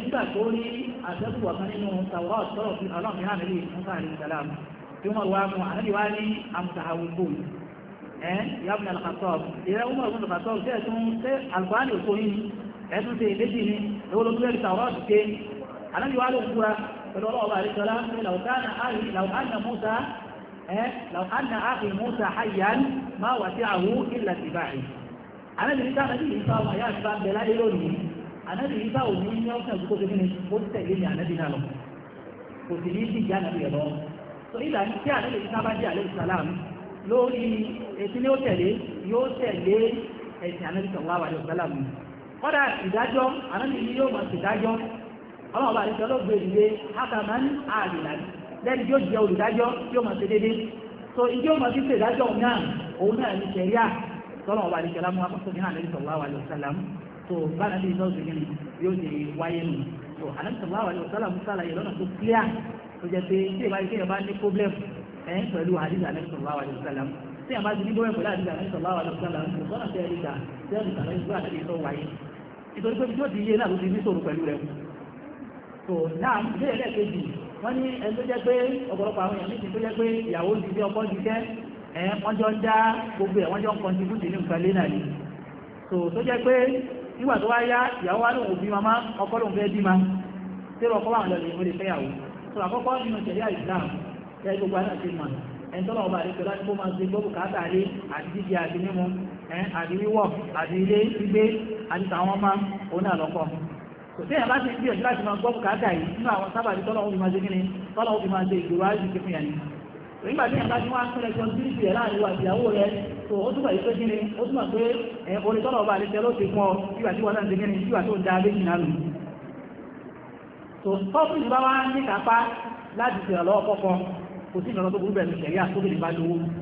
nígbà tó rí àtẹ́kùwà kan nínú tàwọn ọ̀tọ́rọ̀ fi ọlọ́run náà nílé Musa àlè ìsàlám tí Umar wa mú ní amtahawukun ẹ̀ ẹ̀sùn ṣe ìléjì ni lọ́wọ́ lórí ẹ̀rí tàwọn ọ̀sùn ṣe anájú wa ló ń kúra pẹ̀lú ọlọ́ọ̀bà àríṣọlá pé làwùkánà mọ́ta làwùkánà áàfin mọ́ta hayyan máa wà sí àwú ìlà tìbáyì anájú ní sáà nàbí ìfà wà yá àtìbá bẹ̀lá lé lónìí anájú ìfà ò ní ní ọ̀sán àgbókò tó kíni ó tẹ̀lé ní anájú náà lọ kò sì ní sí ìjà nàbí ẹ̀lọ́ so ìlà ní tí anájú ìfà bá jẹ́ àlẹ́ lórí ètí ni ó tẹ̀lé yóò tẹ̀lé ẹ̀sìn anájú sọ̀rọ̀ kọ́dà ìdájọ́ ànábì ni yóò mọ̀ sí ìdájọ́ ọlọ́ọ̀bá àti ìjọlọ́gbé ìdílé hakaman àdìlá lẹ́ni yóò jẹ́ olùdájọ́ yóò mọ̀ sí dédé so ìdí yóò mọ̀ sí ìdájọ́ náà òun náà ní sẹ̀ríà tọ́lọ̀ọ̀bá àti ìjọlọ́mú akọ́sọ́ ní ànábì sallallahu alaihi wasallam so bá ànábì ìjọ́sìn ní yóò ṣe wáyé nù so ànábì sallallahu alaihi wasallam sàlàyé lọ́nà tó clear tó jẹ́ pé tí ìbá ìṣe ìbá ní problem ẹ̀ pẹ̀lú àdìsà ànábì sallallahu alaihi wasallam tí àbá ti ní gbọ́wẹ́ pẹ̀lú àdìsà ànábì sallallahu alaihi wasallam nítorí pé yóò ti yé náà ló ti ní sòrò pẹ̀lú rẹ̀ kù tó náà ilé ẹlẹ́ẹ̀kejì wọ́n ní ẹni tó jẹ́ pé ọ̀pọ̀lọpọ̀ àwọn èèyàn níbi tó jẹ́ pé ìyàwó ti dé ọkọ ti jẹ́ ẹ̀ wọ́n jọ ń dá gbogbo ẹ̀ wọ́n jọ ń kọntibútì ní nǹkan lé náà ni So, tó jẹ́ pé nígbà tó wá yá ìyàwó wa lóun òbí mamá ọkọ lóun fẹ́ bí ma tí ọkọ wà lọ lèmi lè fẹ́ Islam ẹ̀ gbogbo àná ti mọ̀ ẹ̀ ń tọ́lọ̀ ọba àdékọ́lá ní kó máa àti wíwọ̀ àti ilé gbígbé àti tàwọn ọmọ oní àlọ́kọ̀ kò sí ẹ̀yà láti gbìyànjú láti máa gbọ́ bùkátà yìí nínú àwọn sábàbí tọ́lọ́wọ́ fi máa ṣe kíni tọ́lọ́wọ́ fi máa ṣe ìgbèrò àìsí kí fún nígbà tí ẹ̀ka tí wọ́n á pẹ́lẹ̀ jọ sí ìṣẹ̀ láàrin wa ìyàwó rẹ̀ tó ó túnbà ìpé kíni ó túnbà pé orí tọ́lọ̀ ọba àti tẹ́lọ́ ti pọ̀ ìgbà tí wọ́n náà ti kíni ìgbà tó ń da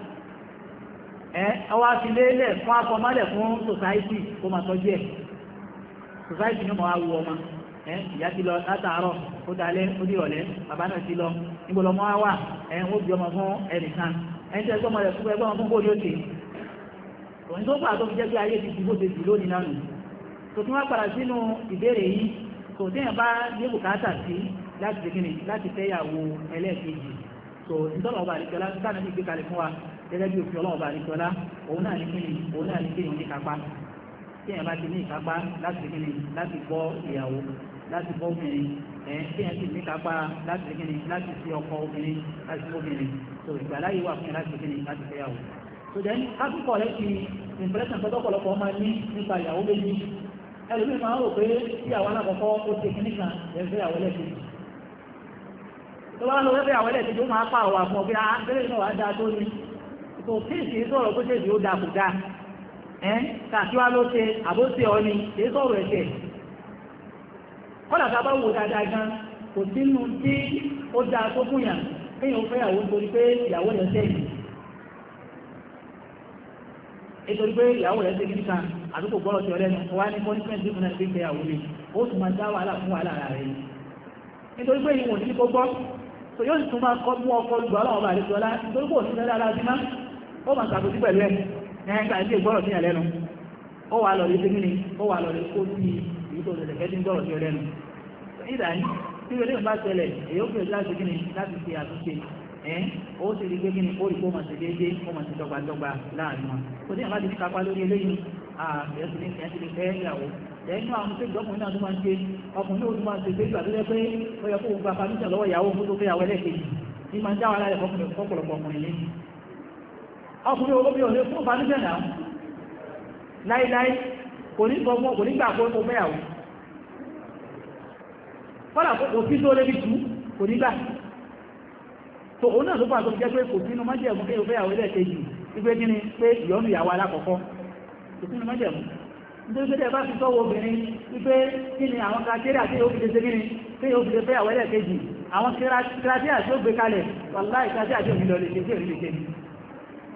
ọwọ́ afilélẹ̀ fún akọmọ́lẹ̀ fún society kó máa tọ́jú ẹ̀ society ní ọmọ wa wu ọmọ ìyá ti lọ látàárọ̀ ó dalẹ́ ó di ìrọ̀lẹ́ bàbá náà ti lọ níbo wa wà ẹ̀hún bí ọmọ fún ẹnìkan ẹni tí ẹgbọ́n rẹ̀ fún ẹgbọ́n fún ó ti òun tó pàtó fi jẹ́ pé ayé ti jù lónìí tó tún wá padà gẹ́gẹ́ bí òfin ọlọ́ọ̀bá àdìsọ́lá òun náà ní kí ni òun náà ní kí ni ìkápá tí èèyàn bá ti ní ìkápá láti kí ni láti bọ́ ìyàwó láti bọ́ obìnrin ẹ̀ tí èèyàn sì ní ìkápá láti kí ni láti fi ọkọ obìnrin láti fi obìnrin tó ìgbà láyé wà fún yẹn láti kí ni láti fi ìyàwó. tó dẹ́ ní kákùkọ̀ rẹ ti impression tó tọ́pọ̀lọpọ̀ máa ní nípa ìyàwó méjì ẹlòmíì máa ń rò pé tí àwọn alákọ̀ọ́kọ́ ó ti kíní kan ẹ̀ fẹ́ ìyàwó lẹ́sìn tó bá lọ fẹ́ ìyàwó lẹ́sìn tó máa pààrọ̀ àfún ọ̀gbìn á ah, bẹ́rẹ̀ náà wá dáa tó ní kò sí ìsìn sọ̀rọ̀ kó ṣe ìdíwó da kò da ẹ́ kàtíwá ló ṣe àbóṣe ọ ni kì sọ̀rọ̀ ẹ̀ṣẹ̀ kọ́lá tá a dáadáa gan kò sínú tí ó da tó fún yàn kéèyàn fẹ́ ìyàwó nítorí pé ìyàwó rẹ̀ sẹ́yìn nítorí pé ìyàwó rẹ̀ ṣe kíkà àdúgbò gbọ́rọ̀ ti ọ̀rẹ́ nu wá ní punishment fún ẹni pé ìyàwó mi ó sì máa dá wàhálà fún wàhálà ara rẹ̀ nítorí pé ìwọ̀n ní kó gbọ́ tòyó sì tún máa kọ́ mú ọkọ̀ lù aláwọ̀ bàálẹ̀ tó nítorí pé òṣìṣẹ́ dáadáa sí máa ó máa ṣàtúntí pẹ̀lú ẹ̀ ẹ̀ẹ́gbà ilé ìgbọ́rọ̀ sí ẹ̀lẹ́nu ó wà lọ létí mímí ó wà lọ kó sí ìlú tó lẹ̀lẹ̀ fẹ́ẹ́ gbọ́rọ̀ sí ẹlẹ́nu ìdá ní tí ilé ìbá ṣẹlẹ̀ èyí ó gbèrè láti kíni láti ṣe àtúnṣe ẹ̀ ó sì rí pé kíni ó kó máa ṣe déédé ó máa ṣe dọ́gbadọ́gba láàrin wọn kò sí ìbáṣe kápá lórí eléyìí lẹ́yìn àwọn ní máa ọkùnrin olóbi ọ̀lẹ́ fún ìbánújẹ́ náà láíláí kò ní gbọmọ́ kò ní gbàgbọ́ ọmọ mẹ́yàwó fọ́nà kò sí tó lébi jù kò ní gbà tó òun náà ló pàtó jẹ́ pé kò sínú májẹ̀mú kéyò fẹ́yàwó ilẹ̀ kejì wípé gíní pé ìyọ́nù ìyàwó alákọ̀ọ́kọ́ kò sínú májẹ̀mú nítorí pé tẹ́ẹ̀ bá fi sọ́wọ́ obìnrin wípé kí ni àwọn kàtíríà tí ó fi lè ṣe gíní pé ó fi lè fẹ́yàwó ilẹ̀ kejì àwọn kàtíríà tí ó gbé kalẹ̀ wàláì kàtíríà tí ò ní lọ lè ṣe sí òní lè ṣe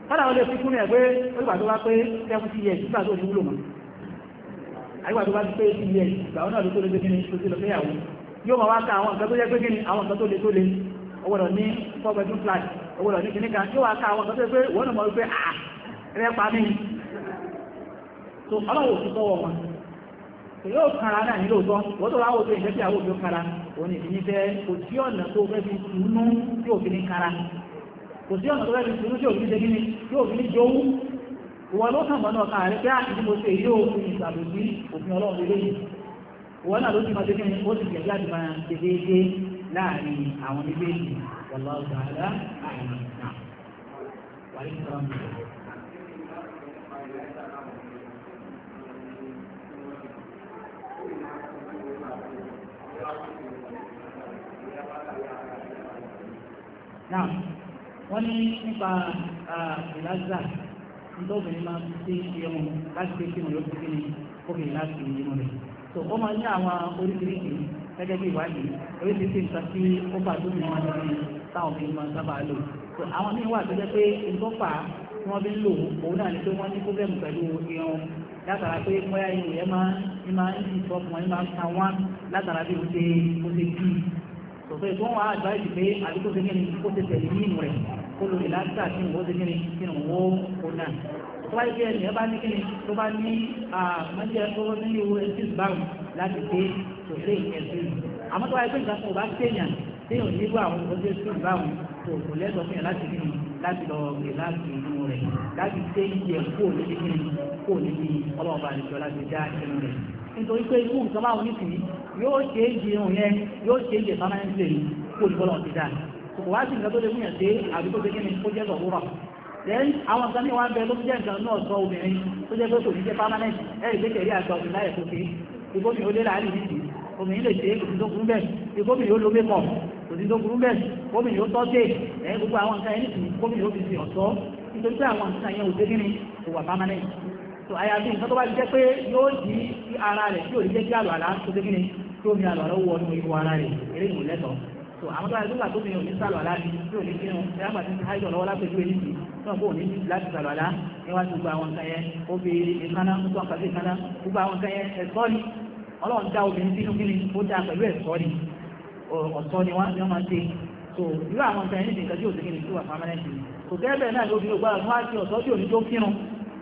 kọ́lá wọn lè fi kún ẹ̀ pé orígbà tó bá pé 70 years nígbà tó ní wúlò mọ́ àrígbà tó bá ti pé 10 years ìgbà wọn náà ló tó lé gbégini tó ti lọ pé yàwó yóò máa wá ká àwọn nǹkan tó jẹ́ gbégini àwọn nǹkan tó le tó le ọwọ́dọ̀ ní four bedroom flat ọwọ́dọ̀ ní kìnníkà yóò wá ká àwọn nǹkan tó jẹ́ pé wọ́n náà mọ̀ wípé à ah, rẹ pa mí so ọlọ́wọ́ ti tọ́wọ́ wọn yóò kara náà nílò tọ́ wọ́n tó láwọ́ tó ìjẹ́ sí àwọn òbí ó kara òun ni, ní fẹ́ kò sí ọ̀nà tó fẹ́ fi túnú tí òfin ní kara kò sí ọ̀nà tó rẹ̀ ìṣòro tí òfin ṣegí ni yóò fi ní jowú ìwọ ló kàn mọ́nà ọ̀kan rẹ̀ pé àìsí ah, mo ṣe yóò fi ìṣàlòsí òfin ọlọ́run Now, wọ́n ní nípa ìlàzà ntọ́bìnrin máa ti ṣe ọmọ láti ṣe kí wọn yóò fi kíni obìnrin láti ṣe ìyẹn rẹ̀ tó ó máa ní àwọn oríṣiríṣi gẹ́gẹ́ bí ìwádìí oríṣiríṣi nǹkan tí ó fà tó mìíràn wọn ní táwọn obìnrin máa sábà lò tó àwọn míín wà tó jẹ́ pé nǹkan fà tí wọ́n fi ń lò òun náà ni pé wọ́n ní fúgẹ́mù pẹ̀lú irun látara pé bóyá irun yẹn máa ń máa ń tòtò ìtò wọn àgbà yìí pé àdúgbò ṣe kíni kó ṣe tẹ̀lé nínú rẹ̀ kó lo ìlànà tí wọn ṣe kíni kí wọn wó kó náà tó bá yẹ kí ẹnìyẹn bá ní kíni tó bá ní àmọ́jẹ́ tó ní ewu ẹ̀sìn báwù láti dé tòlé ẹ̀sìn àmọ́ tó bá yẹ pé nǹkan kan ò bá tẹ̀yàn téèyàn nígbà àwọn ọjọ́ ẹ̀sìn báwù tó kò lẹ́sọ̀ fún yàn láti kíni láti lọ rè láti inú rẹ̀ láti dé iye kó níbi kíni kó níbi ọlọ́ọ̀bà àdìjọ láti dá inú rẹ̀ nítorí pé irú nǹkan báwọn nísìnyí yóò ṣe é ṣe ohun yẹn yóò ṣe é ṣe permanently kó ní bọ́lọ̀ ti dáa kò wá sí nǹkan tó lè múyàn dé àbí tó tẹ́kẹ́ kó jẹ́ sọ̀rọ̀ then àwọn nǹkan míì wá ń bẹ ló fi jẹ́ nǹkan náà sọ obìnrin tó jẹ́ pé kò ní jẹ́ permanent ẹ̀rì pé kẹ̀rí àgbà òfin láyẹ̀ tó ṣe ìgbómi ó lé láàrin nìyí obìnrin lè ṣe kò sí tó burú bẹ́ẹ̀ ìgbómi ó lo mékọ̀ kò sí tó burú bẹ́ẹ̀ gómi ó tọ́jú ẹ̀ gbogbo àwọn nǹkan ẹni sìn gómi ó fi ṣe ọ̀tọ̀ nítorí pé àwọn nǹkan yẹn ò dé kíni kò wà permanent so àyàfi nǹkan tó bá jẹ́ pé yóò di ara rẹ̀ tí ò ní jẹ́ kí àlọ́ àlá tó dé kíni tó ní àlọ́lọ́ wọ inú ikú ara rẹ̀ eré ìwò lẹ́tọ̀ so àwọn tó àdúgbà tó bìnrin ò ní sàlọ̀ alá ni tí ò ní kírun tí a pàtó àìsàn lọ́wọ́ lápẹ̀jú èyí tí wọ́n kò ní láti sàlọ̀ alá níwájú gbogbo àwọn nǹkan yẹn ó fi ìkànnà gbogbo àkàtì ìkànnà gbogbo àwọn nǹkan yẹn ẹ̀kọ́ ni ọlọ́run dá obìnrin sínú kí ni ó dá pẹ̀lú ẹ̀kọ́ ni ọ̀tọ̀ ni wọ́n máa ṣe so irú àwọn nǹkan yẹn ní nǹkan tí ò sí kí ni tí wà permanent ni kò tẹ́lẹ̀ náà ló fi ló gbára fún wá sí ọ̀tọ̀ tí ò ní tó kírun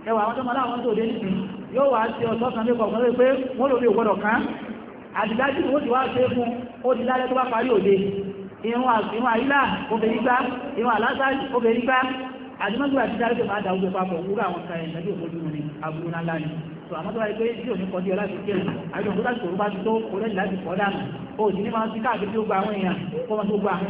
ẹwà àwọn tó máa láwọn tó dé nísìnyí yóò wá sí ọ̀tọ̀ kan lé kọ̀ọ̀kan lé pé wọ́n lò lè gbọ́dọ̀ kán àdìdájú ó ti wá ṣe fún ó ti lálẹ́ tó bá parí òde irun àìlà obìnrin gbá irun àlásà obìnrin gbá àdìmọ́gbà tó papọ̀ wúrà tó àmọ́ tó wáyé pé tí kọjú ọlá ti kí ẹ̀rù àjọ òkúta ìṣòro bá ti tó láti kọ́ dànù ó sì ní máa gba àwọn èèyàn kó máa tó gba àwọn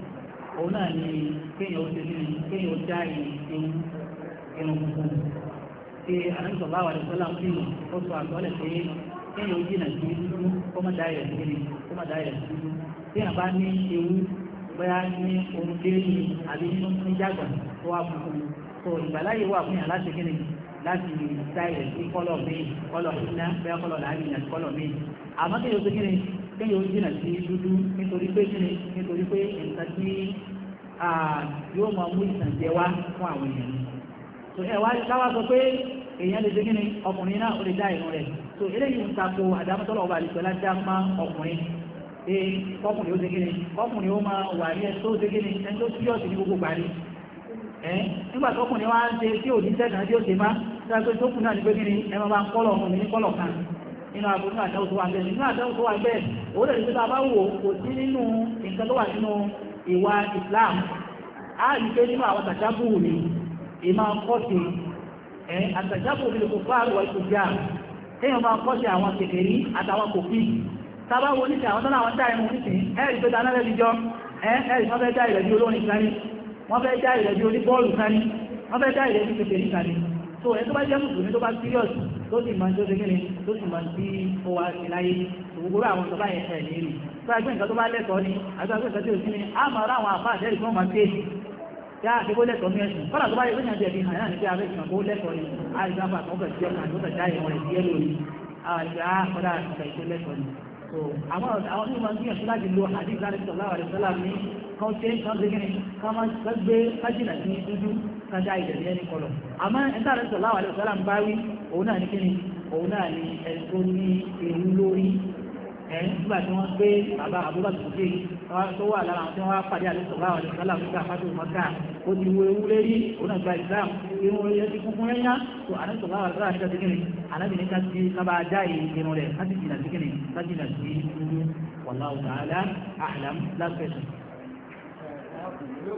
òun náà ni kéèyàn ó ṣe nínú kéèyàn ó já ìrìn irun funfun tí àdáńtò bá wà lọ́sọ́lá ń fìlù ó sọ àgbọ́lẹ̀ pé kéèyàn ó jìnà sí dúdú kó má dá ìrẹ̀ sí kó má dá ìrẹ̀ sí dúdú tí a bá ní ewu bóyá ní ohun kéré ni àbí ní jágbà tó wà funfun so ìgbàláyè wà fún yàn láti kíni láti dá ìrẹ̀ sí kọ́lọ̀ míì kọ́lọ̀ iná bóyá kọ́lọ̀ láàrin àti kọ́lọ̀ míì àmọ́ kéèyàn ó ṣe kíni kéèyàn ó jìnà sí dúdú nítorí pé kíni yóò máa mú ìtànjẹ wá fún àwọn èèyàn ni so ẹ wá káwá sọ pé èèyàn lè ṣe kíni ọkùnrin náà ó lè dá ìrun rẹ̀ so eléyìí ń tako àdámọ́tọ́lọ́ ọba àlùfẹ́ láti dá ọkùnrin ee kọkùnrin ó ṣe kíni kọkùnrin ó máa wà ní tó ṣe kíni ẹni tó sí ọ̀sìn gbogbo parí ẹ nígbà wá ń ṣe tí ò ní sẹ́kàn tí ó ṣe má tó ìwà Islam a rí pé nínú àwọn tàjábù ni ìmá kọ́sì ẹ̀ àtàjábù ni kò fà àwọn ìkòjá kéèyàn máa kọ́sì àwọn kèfèrí àtàwọn kòfí tábà wo níṣẹ́ àwọn tọ́lá àwọn dáìmù níṣẹ́ ẹ̀rì pé dáná lẹ́bi jọ ẹ̀rì wọ́n fẹ́ tó bá jẹ́ mùsùlùmí ṣe kíni tó sì máa ń tí sí láyé òwúrọ̀ àwọn tọ́lá yẹn fẹ́ ní rí gbàgbé nǹkan tó bá lẹ́tọ̀ọ́ ni àgbàgbé nǹkan tí ò sí ni a máa rá àwọn àfá àtẹ́rì tí wọ́n máa ké yá àtẹ́kó lẹ́tọ̀ọ́ ní ẹ̀sùn kọ́nà tó bá yẹ lóyìn àjẹ̀bí hàn náà ní pé abẹ́ ìsìnkà kó lẹ́tọ̀ọ́ ni àìsàbà tó bẹ̀ sí ọkàn tó bẹ̀ dá ìwọ̀n rẹ̀ sí ẹlò ni àìsà kọ́dà nǹkan ìṣó lẹ́tọ̀ọ́ ni so àwọn tí wọ́n gbìyànjú láti lo àdìgbà rẹ̀ sọ̀lá wà rẹ̀ sọ́lá ní kan ṣe kan ṣe gíní kan máa gbé kájìnà sí dúdú kan dá ìdẹ̀lẹ́ ẹni kọlọ̀ àmọ́ ẹ̀ta rẹ̀ sọ̀lá wà rẹ̀ sọ́lá ń bá wí ẹ̀ nígbà tí wọ́n gbé bàbá Abubakar gbé tó wà lára tí wọ́n pàdé àdúgbò àwọn ìsọ́lá àti àpájọ mọ́ká ó ti wo ewúrẹ́ rí òun àgbà Islam irun rẹ̀ ti kún fún ẹ̀yà tó àdúgbò àwọn ìsọ́lá àti àti kìnnì alábìnrin ká ti sábà dá irun rẹ̀ láti jìnà sí kìnnì láti jìnà sí irú wallahu ta'ala a'lam lápẹ̀sì. Yóò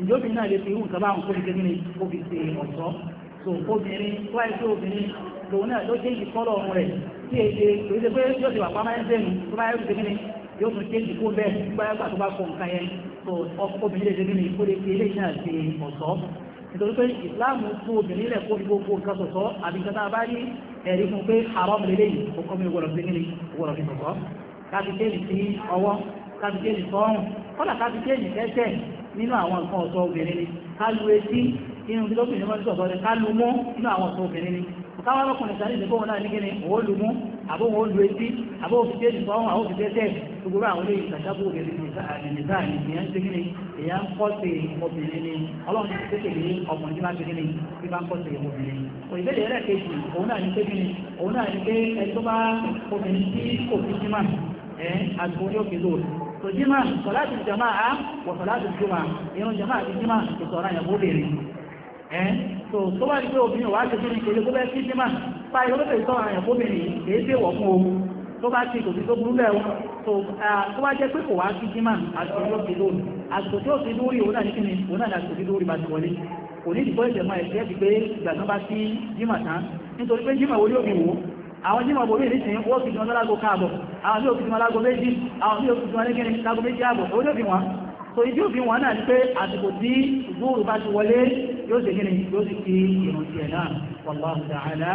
ìjọbi náà lè fi irú nǹkan báwọn kóbi kékeré kó fi ṣe ọ̀ṣọ́ so obìnrin wáyé tó obìnrin lòun náà ló ṣe ìfọ́lọ̀ ọ̀run rẹ̀ tí èdè lórí ṣe pé yóò ti wà pamọ́ ẹgbẹ́ mi tó bá yẹ kó kékeré yóò tún ṣe ìdíkó bẹ́ẹ̀ nígbà tó bá kọ nǹkan yẹn so obìnrin lè ṣe kékeré kó lè fi eléyìí náà ṣe ọ̀ṣọ́ nítorí pé ìsìláàmù fún obìnrin lẹ̀ kó gbogbo nǹkan sọ̀tọ̀ àbí nǹkan tá a bá rí ẹ̀rí fún pé haram lélẹ́yìn ọkọ mi wọ̀rọ̀ sí nílé wọ̀rọ̀ sí sọ̀tọ̀ káfíńtẹ́ẹ̀lì sí ọwọ́ káfíńtẹ́ẹ̀lì nínú àwọn nǹkan ọ̀tọ̀ obìnrin ni kálu etí inú tí lóbìnrin wọn ń sọ̀tọ̀ ni kálu mú nínú àwọn ọ̀tọ̀ obìnrin ni káwọn ọkùnrin sáré ìdíkọ́ wọn náà ní kíni òun lu mú àbó òun lu etí àbó òfin tẹ́lẹ̀ fún àwọn òfin tẹ́tẹ́ gbogbo àwọn olóyìn ìtàjábò obìnrin nìta ni ìyá ń tẹ́kíni ìyá ń kọ́ sí obìnrin ni ọlọ́run ti tẹ́kẹ̀ ní ọkùnrin tí máa ń tẹ́kíni tí máa ń kọ́ sí obìnrin kò ìbéèrè rẹ̀ kejì òun náà ní tẹ́kíni òun náà ní pé ẹ tó bá obìnrin tí kò fi sí mà ẹ àgbóyókè lóòrùn tó jímá sọ̀láàtì jama á wọ̀ sọ̀láàtì jùmá irun jama àti jímá tó sọ̀rọ̀ àyàwó obìnrin ẹ́ tó tó bá ti pé obìnrin wà á ti fún ìkéde gómẹ́ sí jímá pa ìlú lókè sọ̀rọ̀ àyàwó obìnrin kìí ṣe wọ̀ fún ohun tó bá ti tòbí tó burú bẹ́ẹ̀ tó bá jẹ́ pé kò wá sí jímá àtòjọ́ tó ti lórí òun náà ní kíni òun náà láti lórí bá ti wọlé kò ó àwọn jímọ̀ bòmí ìrísìn wọ́n fi jùmọ́ lágbo káàbọ̀ àwọn tí ó fi jùmọ́ lágbo méjì àwọn tí ó fi jùmọ́ lẹ́gẹ́rin lágbo méjì ààbọ̀ orí òfin wọn so ìdí òfin wọn náà ni pé àsìkò tí zúúrù bá ti wọlé yóò ṣe gíní yóò sì fi ìrùn tiẹ̀ náà wallahu ta'ala